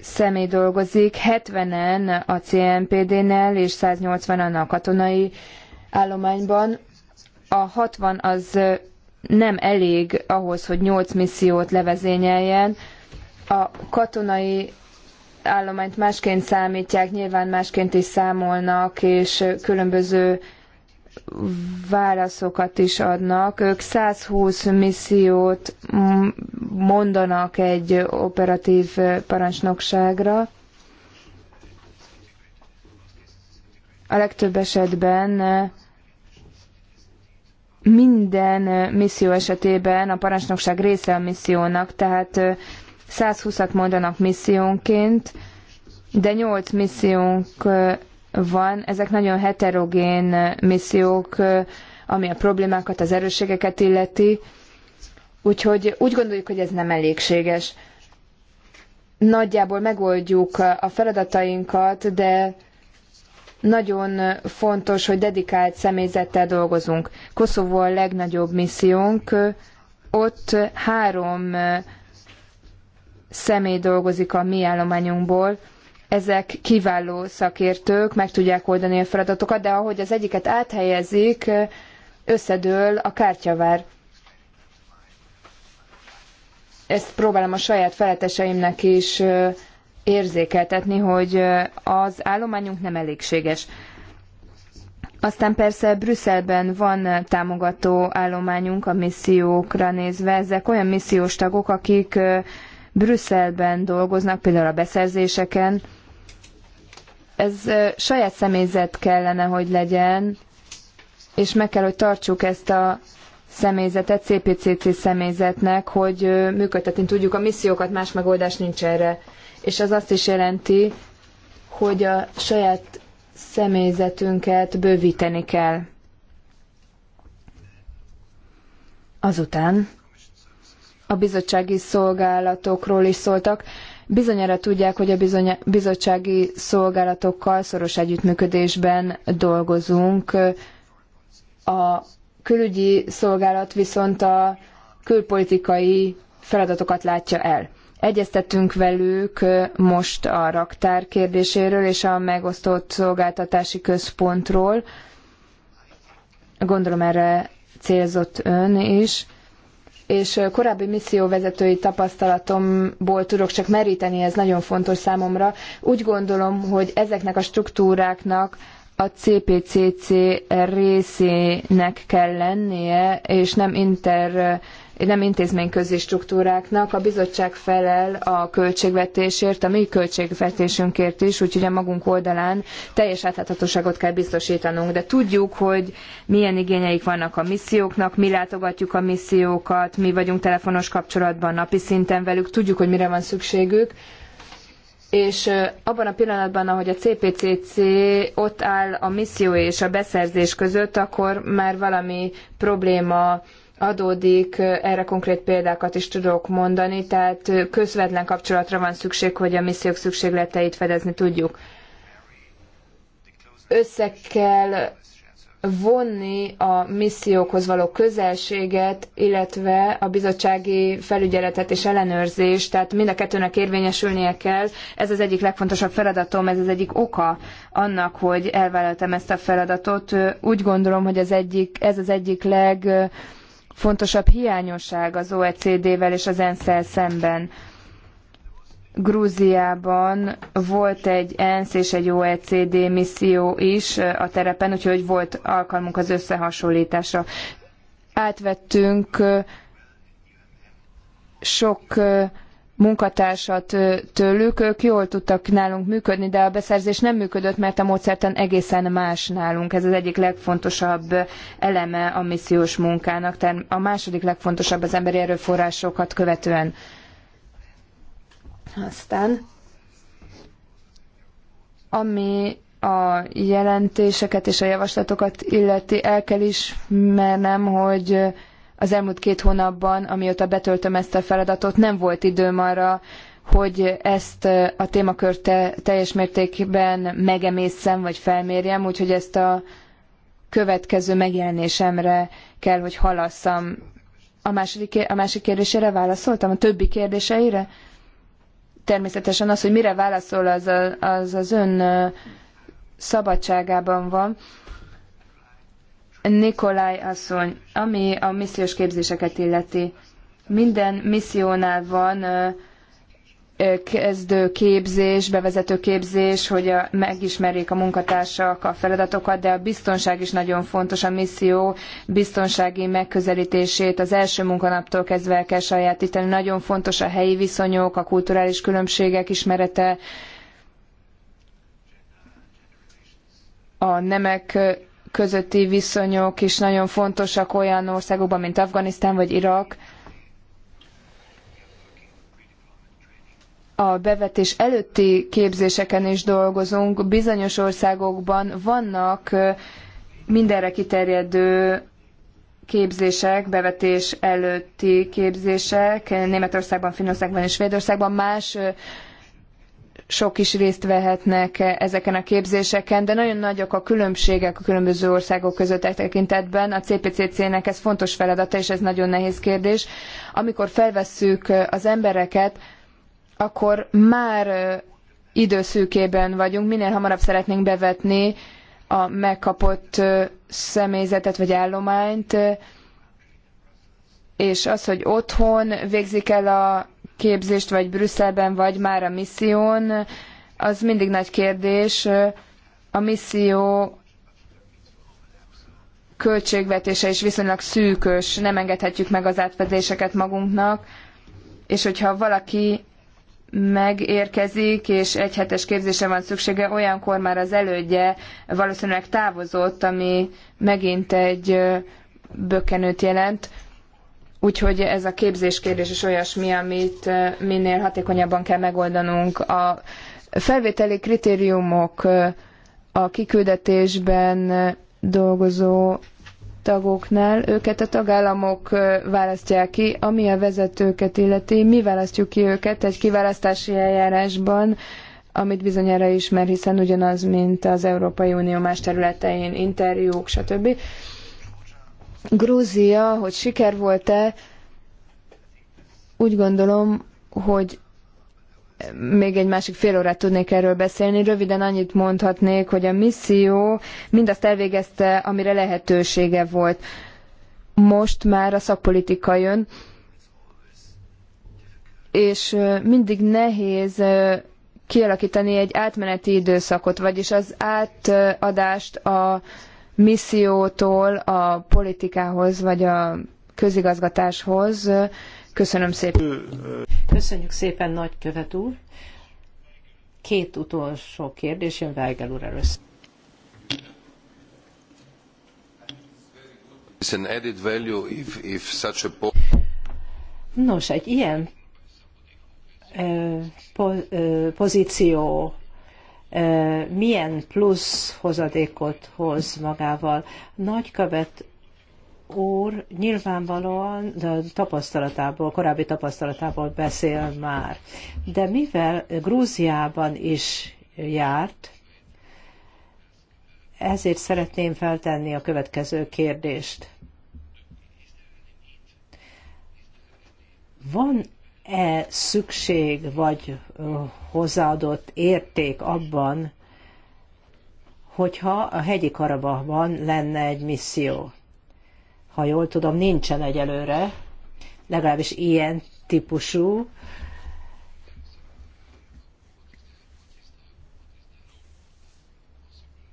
személy dolgozik, 70-en a cnpd nél és 180-an a katonai állományban. A 60 az nem elég ahhoz, hogy 8 missziót levezényeljen. A katonai állományt másként számítják, nyilván másként is számolnak, és különböző válaszokat is adnak. Ők 120 missziót mondanak egy operatív parancsnokságra. A legtöbb esetben minden misszió esetében a parancsnokság része a missziónak, tehát 120-at mondanak missziónként, de 8 missziónk van. Ezek nagyon heterogén eh, missziók, eh, ami a problémákat, az erősségeket illeti. Úgyhogy úgy gondoljuk, hogy ez nem elégséges. Nagyjából megoldjuk eh, a feladatainkat, de nagyon fontos, hogy dedikált személyzettel dolgozunk. Koszovó a legnagyobb missziónk, ott három személy dolgozik a mi állományunkból, ezek kiváló szakértők, meg tudják oldani a feladatokat, de ahogy az egyiket áthelyezik, összedől a kártyavár. Ezt próbálom a saját feleteseimnek is érzékeltetni, hogy az állományunk nem elégséges. Aztán persze Brüsszelben van támogató állományunk a missziókra nézve. Ezek olyan missziós tagok, akik Brüsszelben dolgoznak, például a beszerzéseken, ez saját személyzet kellene, hogy legyen, és meg kell, hogy tartsuk ezt a személyzetet, CPCC személyzetnek, hogy működtetni tudjuk a missziókat, más megoldás nincs erre. És az azt is jelenti, hogy a saját személyzetünket bővíteni kell. Azután a bizottsági szolgálatokról is szóltak. Bizonyára tudják, hogy a bizony, bizottsági szolgálatokkal szoros együttműködésben dolgozunk. A külügyi szolgálat viszont a külpolitikai feladatokat látja el. Egyeztettünk velük most a raktár kérdéséről és a megosztott szolgáltatási központról. Gondolom erre célzott ön is és korábbi misszióvezetői tapasztalatomból tudok csak meríteni, ez nagyon fontos számomra. Úgy gondolom, hogy ezeknek a struktúráknak a CPCC részének kell lennie, és nem inter nem intézményközi struktúráknak. A bizottság felel a költségvetésért, a mi költségvetésünkért is, úgyhogy a magunk oldalán teljes átláthatóságot kell biztosítanunk. De tudjuk, hogy milyen igényeik vannak a misszióknak, mi látogatjuk a missziókat, mi vagyunk telefonos kapcsolatban napi szinten velük, tudjuk, hogy mire van szükségük és abban a pillanatban, ahogy a CPCC ott áll a misszió és a beszerzés között, akkor már valami probléma adódik, erre konkrét példákat is tudok mondani, tehát közvetlen kapcsolatra van szükség, hogy a missziók szükségleteit fedezni tudjuk. Össze kell vonni a missziókhoz való közelséget, illetve a bizottsági felügyeletet és ellenőrzést, tehát mind a kettőnek érvényesülnie kell. Ez az egyik legfontosabb feladatom, ez az egyik oka annak, hogy elvállaltam ezt a feladatot. Úgy gondolom, hogy ez, egyik, ez az egyik leg legfontosabb hiányosság az OECD-vel és az ENSZ-el szemben. Grúziában volt egy ENSZ és egy OECD misszió is a terepen, úgyhogy volt alkalmunk az összehasonlításra. Átvettünk sok munkatársat tőlük, ők jól tudtak nálunk működni, de a beszerzés nem működött, mert a módszertan egészen más nálunk. Ez az egyik legfontosabb eleme a missziós munkának. Tehát a második legfontosabb az emberi erőforrásokat követően. Aztán, ami a jelentéseket és a javaslatokat illeti, el kell ismernem, hogy az elmúlt két hónapban, amióta betöltöm ezt a feladatot, nem volt időm arra, hogy ezt a témakört te, teljes mértékben megemészem vagy felmérjem, úgyhogy ezt a következő megjelenésemre kell, hogy halasszam. A, második, a másik kérdésére válaszoltam? A többi kérdéseire? Természetesen az, hogy mire válaszol, az a, az, az ön szabadságában van. Nikolaj asszony, ami a missziós képzéseket illeti, minden missziónál van kezdő képzés, bevezető képzés, hogy a, megismerjék a munkatársak a feladatokat, de a biztonság is nagyon fontos, a misszió biztonsági megközelítését az első munkanaptól kezdve el kell sajátítani. Nagyon fontos a helyi viszonyok, a kulturális különbségek ismerete, a nemek közötti viszonyok is nagyon fontosak olyan országokban, mint Afganisztán vagy Irak. A bevetés előtti képzéseken is dolgozunk. Bizonyos országokban vannak mindenre kiterjedő képzések, bevetés előtti képzések, Németországban, Finnországban és Svédországban más sok is részt vehetnek ezeken a képzéseken, de nagyon nagyok a különbségek a különböző országok között e tekintetben. A CPCC-nek ez fontos feladata, és ez nagyon nehéz kérdés. Amikor felvesszük az embereket, akkor már időszűkében vagyunk, minél hamarabb szeretnénk bevetni a megkapott személyzetet vagy állományt, és az, hogy otthon végzik el a képzést, vagy Brüsszelben, vagy már a misszión, az mindig nagy kérdés. A misszió költségvetése is viszonylag szűkös, nem engedhetjük meg az átfedéseket magunknak, és hogyha valaki megérkezik, és egy hetes képzése van szüksége, olyankor már az elődje valószínűleg távozott, ami megint egy bökkenőt jelent. Úgyhogy ez a képzés kérdés is olyasmi, amit minél hatékonyabban kell megoldanunk. A felvételi kritériumok a kiküldetésben dolgozó tagoknál, őket a tagállamok választják ki, ami a vezetőket illeti. Mi választjuk ki őket egy kiválasztási eljárásban, amit bizonyára ismer, hiszen ugyanaz, mint az Európai Unió más területein, interjúk, stb. Grúzia, hogy siker volt-e, úgy gondolom, hogy még egy másik fél órát tudnék erről beszélni. Röviden annyit mondhatnék, hogy a misszió mindazt elvégezte, amire lehetősége volt. Most már a szakpolitika jön, és mindig nehéz kialakítani egy átmeneti időszakot, vagyis az átadást a missziótól a politikához vagy a közigazgatáshoz. Köszönöm szépen. Köszönjük szépen, nagykövet úr. Két utolsó kérdés jön Weigel úr először. Nos, egy ilyen pozíció milyen plusz hozadékot hoz magával. Nagykövet úr nyilvánvalóan tapasztalatából, korábbi tapasztalatából beszél már. De mivel Grúziában is járt, ezért szeretném feltenni a következő kérdést. Van e szükség vagy hozzáadott érték abban, hogyha a hegyi Karabahban lenne egy misszió. Ha jól tudom, nincsen egyelőre, legalábbis ilyen típusú.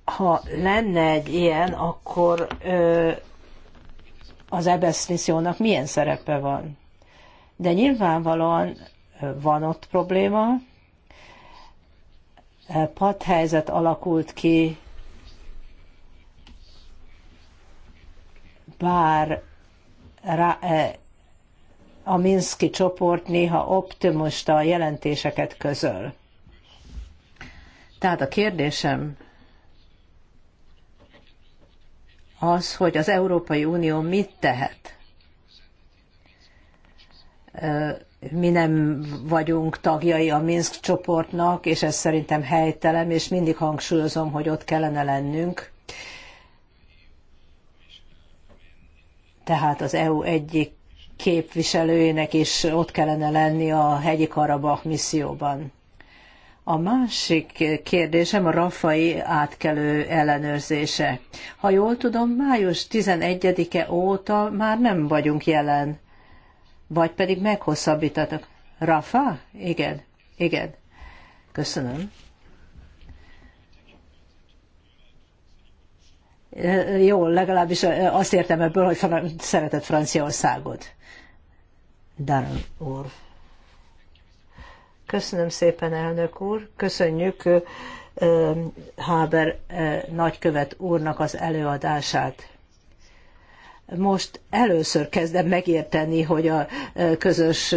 Ha lenne egy ilyen, akkor ö, az EBSZ missziónak milyen szerepe van? de nyilvánvalóan van ott probléma. Padhelyzet alakult ki, bár rá, a Minszki csoport néha optimista jelentéseket közöl. Tehát a kérdésem az, hogy az Európai Unió mit tehet mi nem vagyunk tagjai a Minsk csoportnak, és ez szerintem helytelen, és mindig hangsúlyozom, hogy ott kellene lennünk. Tehát az EU egyik képviselőjének is ott kellene lenni a hegyi Karabach misszióban. A másik kérdésem a rafai átkelő ellenőrzése. Ha jól tudom, május 11-e óta már nem vagyunk jelen vagy pedig meghosszabbítatok. Rafa? Igen, igen. Köszönöm. Jó, legalábbis azt értem ebből, hogy fran- szeretett Franciaországot. Darren úr. Köszönöm szépen, elnök úr. Köszönjük Háber nagykövet úrnak az előadását most először kezdem megérteni, hogy a közös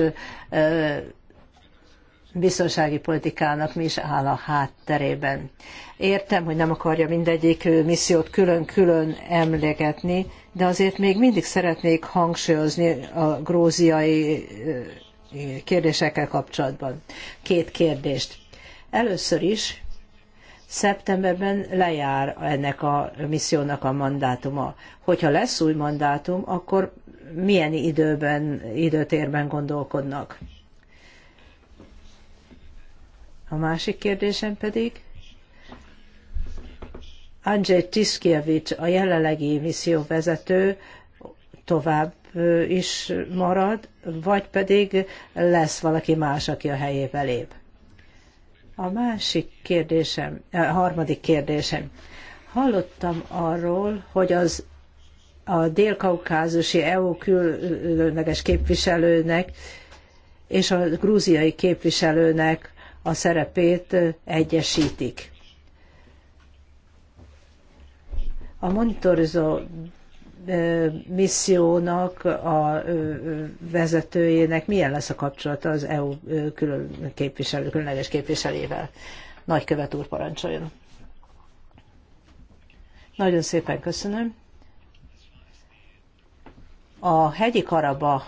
biztonsági politikának mi is áll a hátterében. Értem, hogy nem akarja mindegyik missziót külön-külön emlegetni, de azért még mindig szeretnék hangsúlyozni a gróziai kérdésekkel kapcsolatban. Két kérdést. Először is szeptemberben lejár ennek a missziónak a mandátuma. Hogyha lesz új mandátum, akkor milyen időben, időtérben gondolkodnak? A másik kérdésem pedig, Andrzej Tiszkiewicz, a jelenlegi misszióvezető tovább is marad, vagy pedig lesz valaki más, aki a helyébe lép. A másik kérdésem, a harmadik kérdésem. Hallottam arról, hogy az a dél-kaukázusi EU különleges képviselőnek és a grúziai képviselőnek a szerepét egyesítik. A monitorozó missziónak, a vezetőjének milyen lesz a kapcsolata az EU külön képviselő, különleges képviselével? Nagykövet úr parancsoljon. Nagyon szépen köszönöm. A hegyi karaba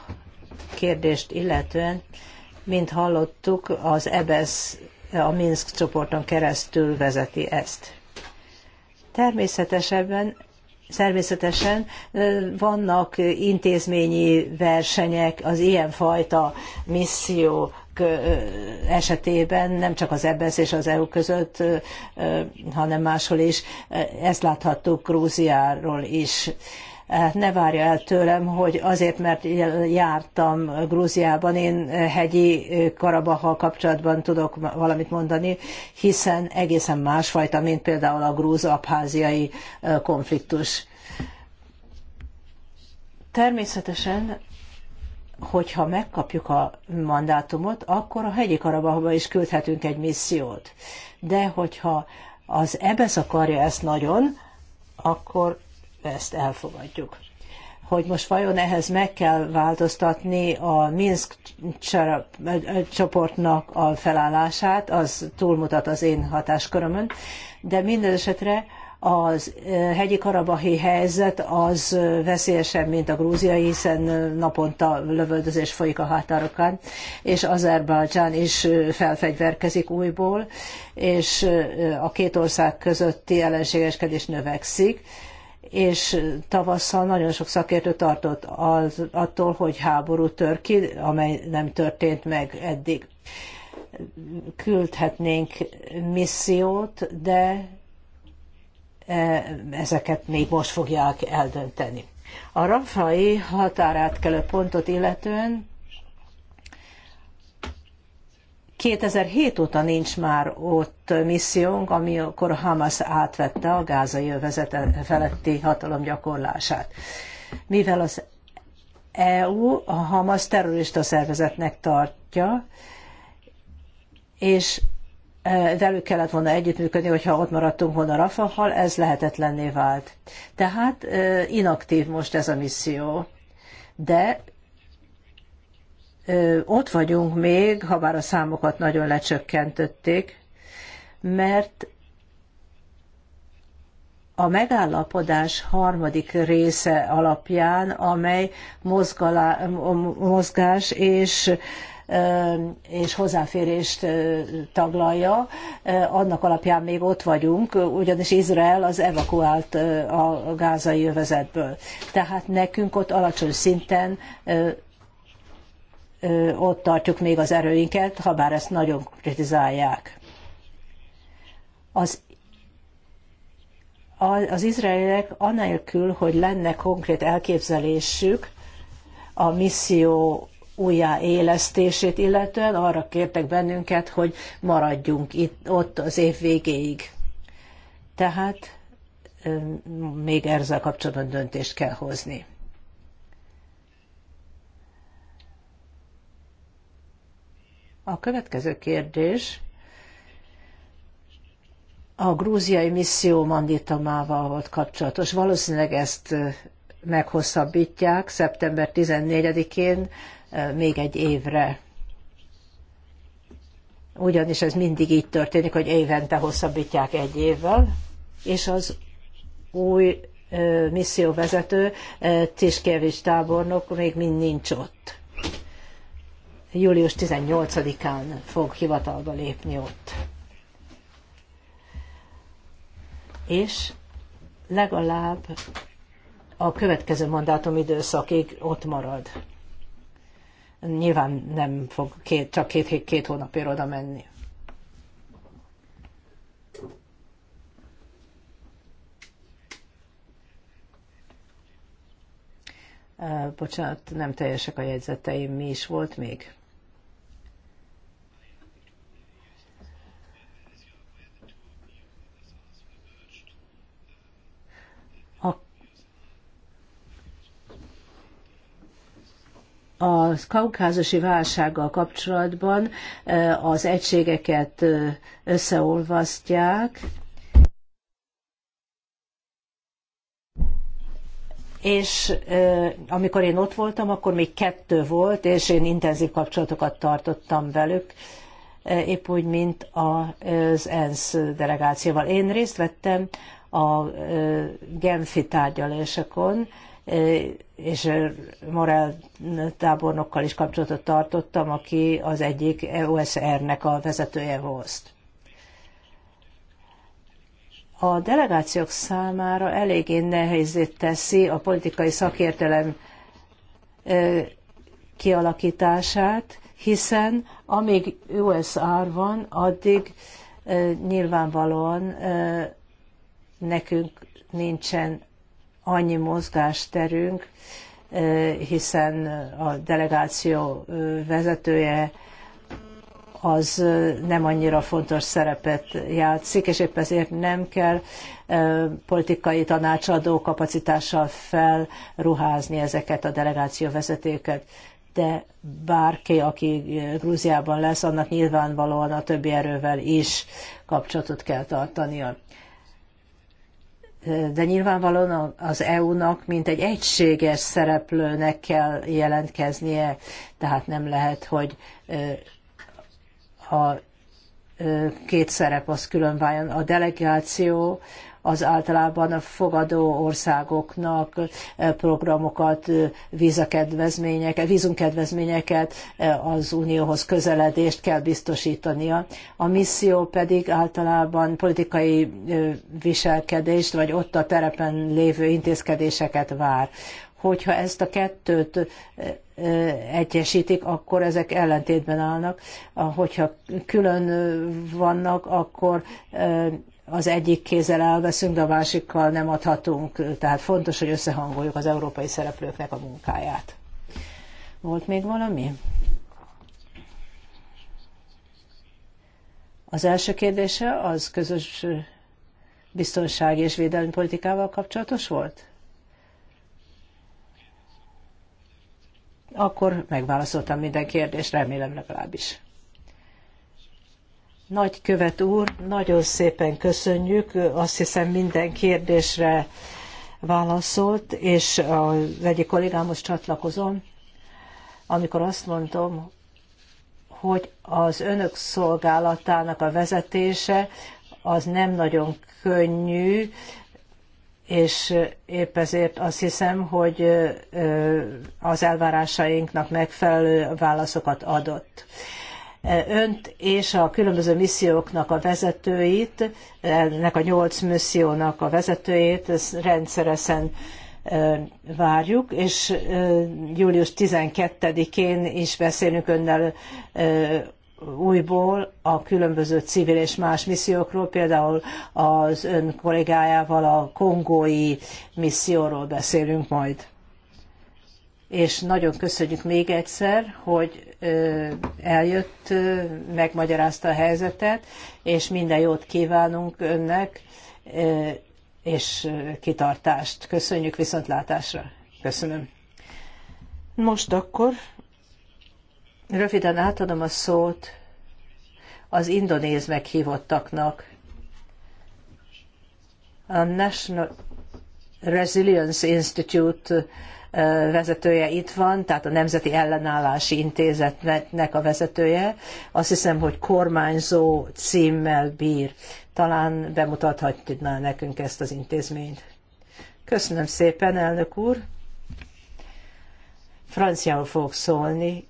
kérdést illetően, mint hallottuk, az EBESZ a Minsk csoporton keresztül vezeti ezt. Természetesen Természetesen vannak intézményi versenyek az ilyenfajta misszió esetében, nem csak az EBSZ e és az EU között, hanem máshol is. Ezt láthattuk Grúziáról is. Eh, ne várja el tőlem, hogy azért, mert jártam Grúziában, én eh, hegyi eh, Karabahal kapcsolatban tudok valamit mondani, hiszen egészen másfajta, mint például a grúz-abháziai konfliktus. Természetesen hogyha megkapjuk a mandátumot, akkor a hegyi Karabahba is küldhetünk egy missziót. De hogyha az EBESZ akarja ezt nagyon, akkor ezt elfogadjuk. Hogy most vajon ehhez meg kell változtatni a Minsk csoportnak a felállását, az túlmutat az én hatáskörömön, de minden esetre az hegyi karabahi helyzet az veszélyesebb, mint a grúziai, hiszen naponta lövöldözés folyik a határokon, és Azerbajdzsán is felfegyverkezik újból, és a két ország közötti ellenségeskedés növekszik és tavasszal nagyon sok szakértő tartott az, attól, hogy háború tör ki, amely nem történt meg eddig. Küldhetnénk missziót, de e, ezeket még most fogják eldönteni. A rafai határátkelő pontot illetően 2007 óta nincs már ott missziónk, amikor Hamas átvette a gázai övezet feletti hatalom gyakorlását, Mivel az EU a Hamas terrorista szervezetnek tartja, és e, velük kellett volna együttműködni, hogyha ott maradtunk volna Rafahal, ez lehetetlenné vált. Tehát e, inaktív most ez a misszió. De ott vagyunk még, ha bár a számokat nagyon lecsökkentötték, mert a megállapodás harmadik része alapján, amely mozgala, mozgás és és hozzáférést taglalja. Annak alapján még ott vagyunk, ugyanis Izrael az evakuált a gázai övezetből. Tehát nekünk ott alacsony szinten ott tartjuk még az erőinket, ha bár ezt nagyon kritizálják. Az az izraeliek anélkül, hogy lenne konkrét elképzelésük a misszió újjáélesztését illetően, arra kértek bennünket, hogy maradjunk itt, ott az év végéig. Tehát még ezzel kapcsolatban döntést kell hozni. A következő kérdés a grúziai misszió mandítomával volt kapcsolatos. Valószínűleg ezt meghosszabbítják szeptember 14-én még egy évre. Ugyanis ez mindig így történik, hogy évente hosszabbítják egy évvel, és az új misszióvezető, Tiskevics tábornok még mind nincs ott július 18-án fog hivatalba lépni ott. És legalább a következő mandátum időszakig ott marad. Nyilván nem fog két, csak két, két hónapért oda menni. Bocsánat, nem teljesek a jegyzeteim. Mi is volt még? a kaukázusi válsággal kapcsolatban az egységeket összeolvasztják, és amikor én ott voltam, akkor még kettő volt, és én intenzív kapcsolatokat tartottam velük, épp úgy, mint az ENSZ delegációval. Én részt vettem a Genfi tárgyalásokon, és Morel tábornokkal is kapcsolatot tartottam, aki az egyik OSR-nek a vezetője volt. A delegációk számára eléggé nehézé teszi a politikai szakértelem kialakítását, hiszen amíg USR van, addig nyilvánvalóan nekünk nincsen annyi mozgásterünk, hiszen a delegáció vezetője az nem annyira fontos szerepet játszik, és épp ezért nem kell politikai tanácsadó kapacitással felruházni ezeket a delegáció vezetőket. De bárki, aki Grúziában lesz, annak nyilvánvalóan a többi erővel is kapcsolatot kell tartania de nyilvánvalóan az EU-nak, mint egy egységes szereplőnek kell jelentkeznie, tehát nem lehet, hogy a két szerep az külön váljon. A delegáció az általában a fogadó országoknak eh, programokat, eh, vízakedvezményeket, vízumkedvezményeket, eh, az unióhoz közeledést kell biztosítania. A misszió pedig általában politikai viselkedést, vagy ott a terepen lévő intézkedéseket vár. Hogyha ezt a kettőt egyesítik, akkor ezek ellentétben állnak. Hogyha külön vannak, akkor az egyik kézzel elveszünk, de a másikkal nem adhatunk. Tehát fontos, hogy összehangoljuk az európai szereplőknek a munkáját. Volt még valami? Az első kérdése az közös biztonsági és védelmi politikával kapcsolatos volt? Akkor megválaszoltam minden kérdést, remélem legalábbis. Nagykövet úr, nagyon szépen köszönjük. Azt hiszem minden kérdésre válaszolt, és az egyik kollégámhoz csatlakozom, amikor azt mondtam, hogy az önök szolgálatának a vezetése az nem nagyon könnyű, és épp ezért azt hiszem, hogy az elvárásainknak megfelelő válaszokat adott önt és a különböző misszióknak a vezetőit, ennek a nyolc missziónak a vezetőjét rendszeresen várjuk, és július 12-én is beszélünk önnel újból a különböző civil és más missziókról, például az ön kollégájával a kongói misszióról beszélünk majd és nagyon köszönjük még egyszer, hogy eljött, megmagyarázta a helyzetet, és minden jót kívánunk önnek, és kitartást. Köszönjük viszontlátásra. Köszönöm. Most akkor röviden átadom a szót az indonéz meghívottaknak. A National Resilience Institute vezetője itt van, tehát a Nemzeti Ellenállási Intézetnek a vezetője. Azt hiszem, hogy kormányzó címmel bír. Talán bemutathatná nekünk ezt az intézményt. Köszönöm szépen, elnök úr. Franciául fogok szólni,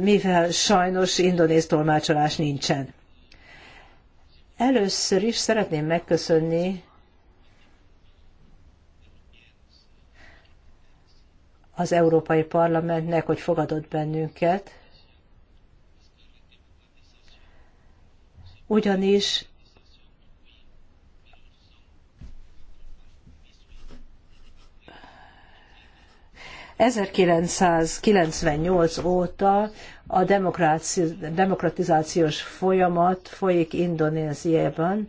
mivel sajnos indonéz tolmácsolás nincsen. Először is szeretném megköszönni az Európai Parlamentnek, hogy fogadott bennünket, ugyanis ...1998 óta a demokratizációs folyamat folyik Indonéziában,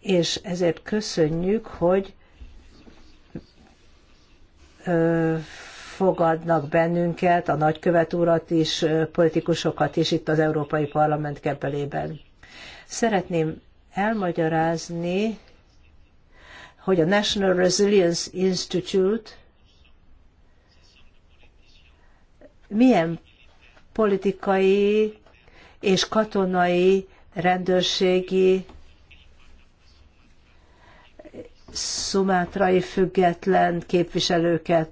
és ezért köszönjük, hogy fogadnak bennünket, a nagykövet urat is, politikusokat is itt az Európai Parlament kebbelében. Szeretném elmagyarázni, hogy a National Resilience Institute milyen politikai és katonai rendőrségi szumátrai független képviselőket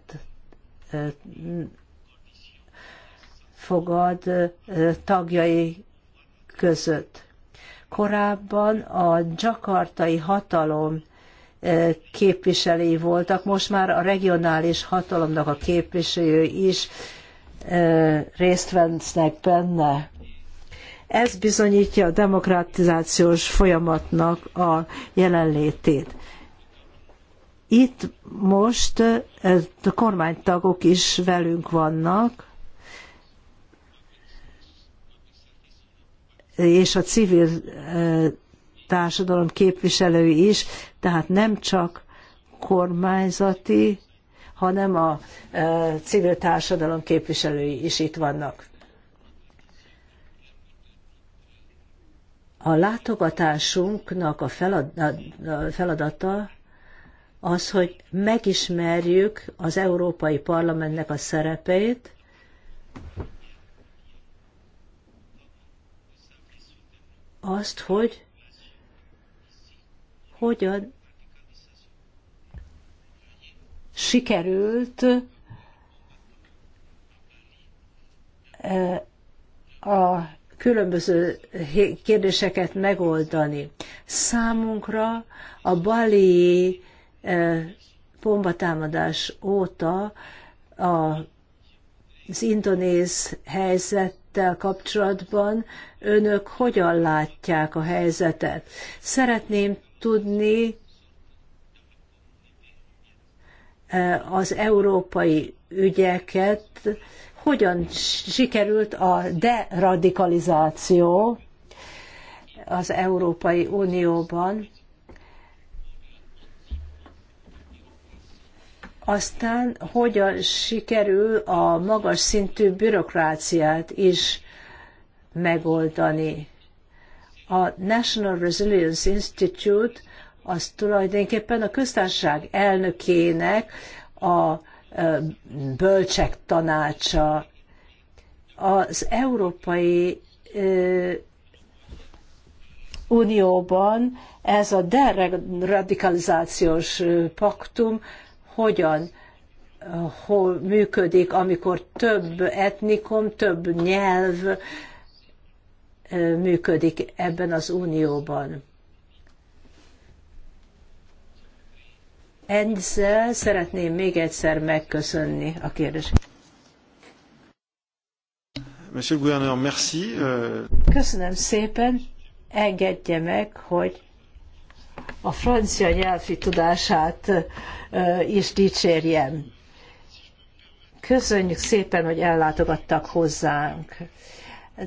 fogad tagjai között. Korábban a dzsakartai hatalom képviselői voltak, most már a regionális hatalomnak a képviselői is részt vesznek benne. Ez bizonyítja a demokratizációs folyamatnak a jelenlétét. Itt most a kormánytagok is velünk vannak, és a civil társadalom képviselői is, tehát nem csak kormányzati, hanem a civil társadalom képviselői is itt vannak. A látogatásunknak a feladata az, hogy megismerjük az Európai Parlamentnek a szerepeit, azt, hogy hogyan sikerült e, a különböző kérdéseket megoldani. Számunkra a bali bombatámadás óta a az indonéz helyzettel kapcsolatban önök hogyan látják a helyzetet. Szeretném tudni az európai ügyeket, hogyan sikerült a deradikalizáció az Európai Unióban, Aztán hogyan sikerül a magas szintű bürokráciát is megoldani. A National Resilience Institute az tulajdonképpen a köztársaság elnökének a bölcsek tanácsa, az Európai Unióban ez a deradikalizációs paktum hogyan hol működik, amikor több etnikum, több nyelv működik ebben az unióban. Ezzel szeretném még egyszer megköszönni a kérdést. Monsieur le gouverneur, merci. Euh, Köszönöm szépen. Engedje meg, hogy a francia nyelvi tudását is dicsérjem. Köszönjük szépen, hogy ellátogattak hozzánk.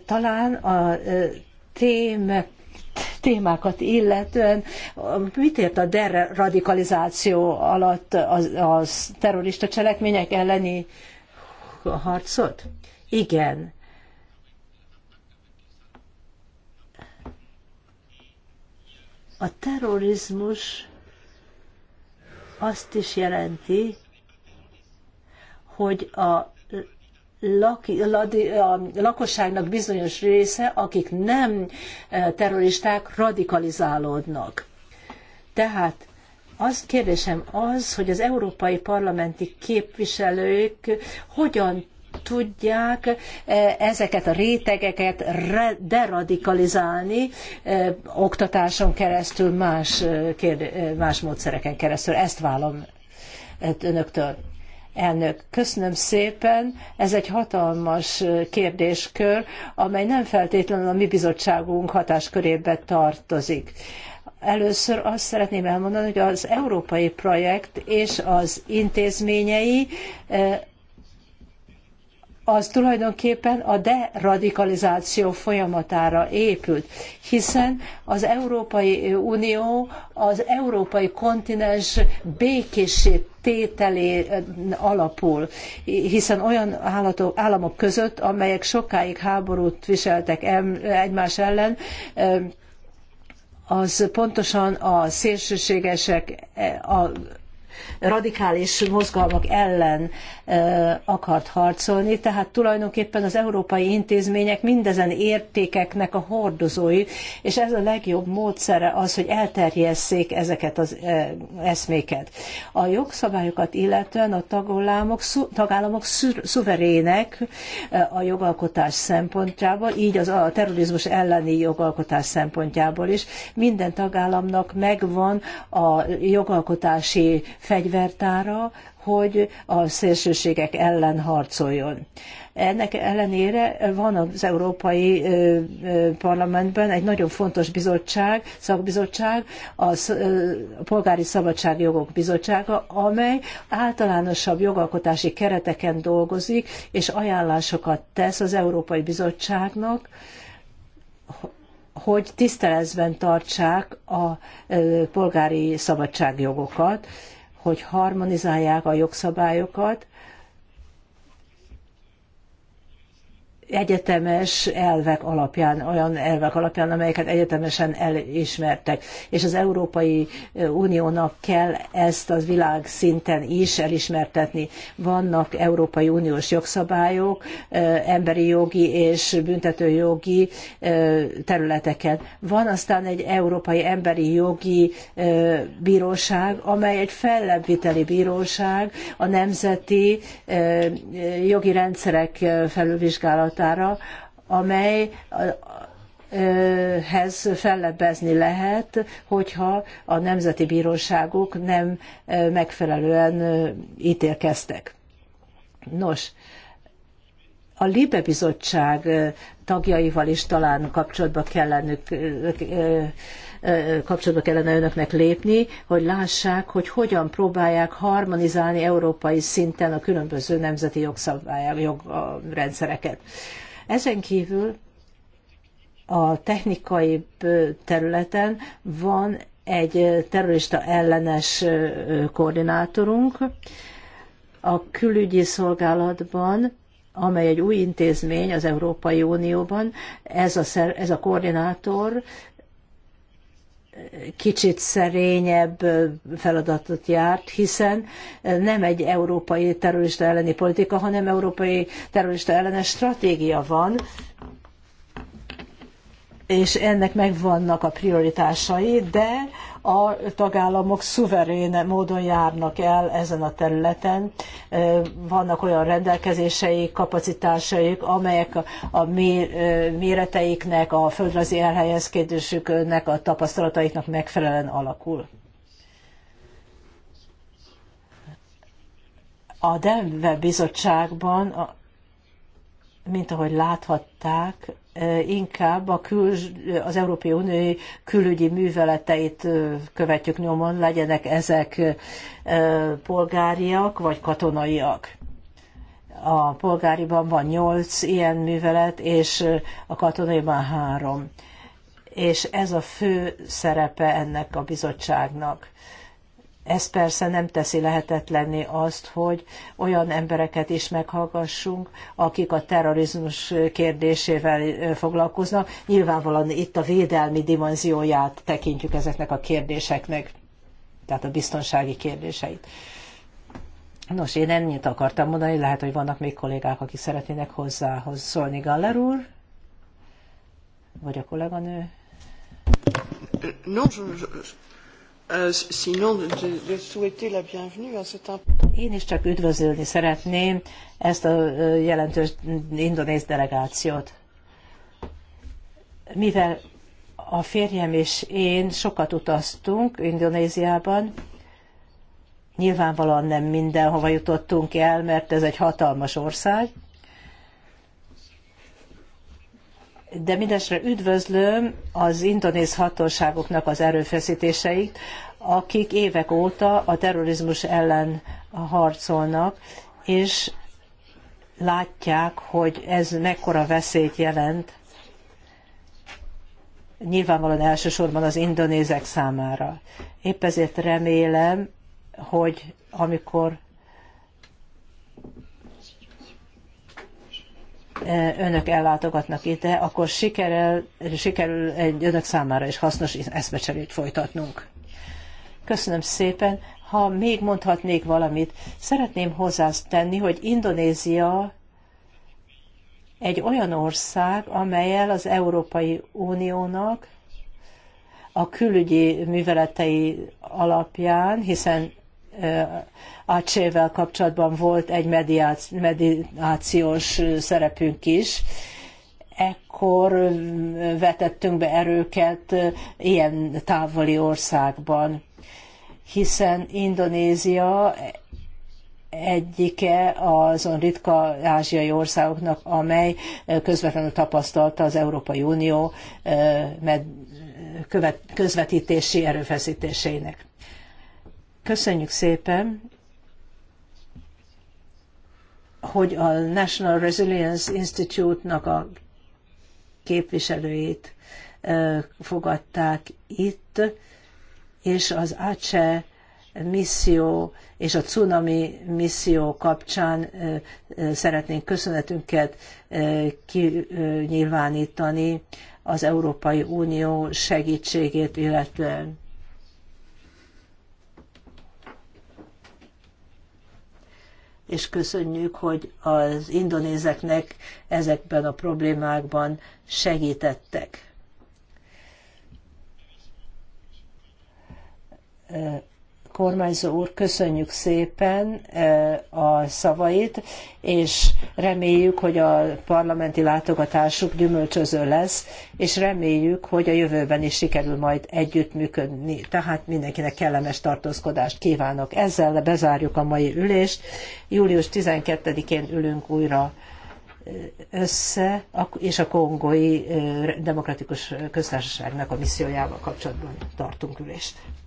Talán a témek témákat illetően, mit ért a deradikalizáció alatt a, terrorista cselekmények elleni harcot? Igen. A terrorizmus azt is jelenti, hogy a Laki, ladi, a lakosságnak bizonyos része, akik nem e, terroristák, radikalizálódnak. Tehát az kérdésem az, hogy az európai parlamenti képviselők hogyan tudják e, ezeket a rétegeket deradikalizálni e, oktatáson keresztül, más, e, más módszereken keresztül. Ezt vállom önöktől. Elnök, köszönöm szépen. Ez egy hatalmas kérdéskör, amely nem feltétlenül a mi bizottságunk hatáskörébe tartozik. Először azt szeretném elmondani, hogy az európai projekt és az intézményei az tulajdonképpen a deradikalizáció folyamatára épült, hiszen az Európai Unió az európai kontinens békését tételé alapul, hiszen olyan állatok, államok között, amelyek sokáig háborút viseltek egymás ellen, az pontosan a szélsőségesek, e, a radikális mozgalmak ellen akart harcolni, tehát tulajdonképpen az európai intézmények mindezen értékeknek a hordozói, és ez a legjobb módszere az, hogy elterjesszék ezeket az eszméket. A jogszabályokat illetően a tagállamok, tagállamok szuverének a jogalkotás szempontjából, így az a terrorizmus elleni jogalkotás szempontjából is. Minden tagállamnak megvan a jogalkotási fegyvertára, hogy a szélsőségek ellen harcoljon. Ennek ellenére van az Európai Parlamentben egy nagyon fontos bizottság, szakbizottság, a Polgári Szabadságjogok Bizottsága, amely általánosabb jogalkotási kereteken dolgozik, és ajánlásokat tesz az Európai Bizottságnak, hogy tiszteletben tartsák a polgári szabadságjogokat, hogy harmonizálják a jogszabályokat, egyetemes elvek alapján, olyan elvek alapján, amelyeket egyetemesen elismertek. És az Európai Uniónak kell ezt a világszinten is elismertetni. Vannak Európai Uniós jogszabályok, emberi jogi és büntetőjogi területeken. Van aztán egy Európai Emberi Jogi Bíróság, amely egy fellebbviteli bíróság a nemzeti jogi rendszerek felülvizsgálat javaslatára, amely fellebbezni lehet, hogyha a nemzeti bíróságok nem megfelelően ítélkeztek. Nos, a Libe Bizottság tagjaival is talán kapcsolatba kellene kapcsolatba kellene önöknek lépni, hogy lássák, hogy hogyan próbálják harmonizálni európai szinten a különböző nemzeti jogszabályok, jogrendszereket. Ezen kívül a technikai területen van egy terrorista ellenes koordinátorunk a külügyi szolgálatban, amely egy új intézmény az Európai Unióban, ez a, ez a koordinátor kicsit szerényebb feladatot járt, hiszen nem egy európai terrorista elleni politika, hanem európai terrorista ellenes stratégia van, és ennek megvannak a prioritásai, de a tagállamok szuverén módon járnak el ezen a területen. Vannak olyan rendelkezéseik, kapacitásaik, amelyek a méreteiknek, a földrajzi elhelyezkedésüknek, a tapasztalataiknak megfelelően alakul. A Denver bizottságban mint ahogy láthatták, inkább a kül, az Európai Unió külügyi műveleteit követjük nyomon, legyenek ezek polgáriak vagy katonaiak. A polgáriban van nyolc ilyen művelet, és a katonaiban három. És ez a fő szerepe ennek a bizottságnak ez persze nem teszi lehetetlenné azt, hogy olyan embereket is meghallgassunk, akik a terrorizmus kérdésével foglalkoznak. Nyilvánvalóan itt a védelmi dimenzióját tekintjük ezeknek a kérdéseknek, tehát a biztonsági kérdéseit. Nos, én ennyit akartam mondani, lehet, hogy vannak még kollégák, akik szeretnének hozzá szólni. Galler úr? Vagy a kolléganő? Non, je, je, Euh, én is csak üdvözölni szeretném ezt a jelentős indonéz delegációt. Mivel a férjem és én sokat utaztunk Indonéziában, nyilvánvalóan nem mindenhova jutottunk el, mert ez egy hatalmas ország, de mindesre üdvözlöm az indonéz hatóságoknak az erőfeszítéseit, akik évek óta a terrorizmus ellen harcolnak, és látják, hogy ez mekkora veszélyt jelent nyilvánvalóan elsősorban az indonézek számára. Épp ezért remélem, hogy amikor önök ellátogatnak ide, akkor sikerül, sikerül egy önök számára is hasznos eszmecserét folytatnunk. Köszönöm szépen. Ha még mondhatnék valamit, szeretném hozzátenni, hogy Indonézia egy olyan ország, amelyel az Európai Uniónak a külügyi műveletei alapján, hiszen Acsével kapcsolatban volt egy mediációs szerepünk is. Ekkor vetettünk be erőket ilyen távoli országban, hiszen Indonézia egyike azon ritka ázsiai országoknak, amely közvetlenül tapasztalta az Európai Unió közvetítési erőfeszítéseinek. Köszönjük szépen, hogy a National Resilience Institute-nak a képviselőit fogadták itt, és az ACE misszió és a cunami misszió kapcsán szeretnénk köszönetünket kinyilvánítani az Európai Unió segítségét illetően. és köszönjük, hogy az indonézeknek ezekben a problémákban segítettek kormányzó úr, köszönjük szépen e, a szavait, és reméljük, hogy a parlamenti látogatásuk gyümölcsöző lesz, és reméljük, hogy a jövőben is sikerül majd együttműködni. Tehát mindenkinek kellemes tartózkodást kívánok. Ezzel bezárjuk a mai ülést. Július 12-én ülünk újra össze, és a kongói e, demokratikus köztársaságnak a missziójával kapcsolatban tartunk ülést.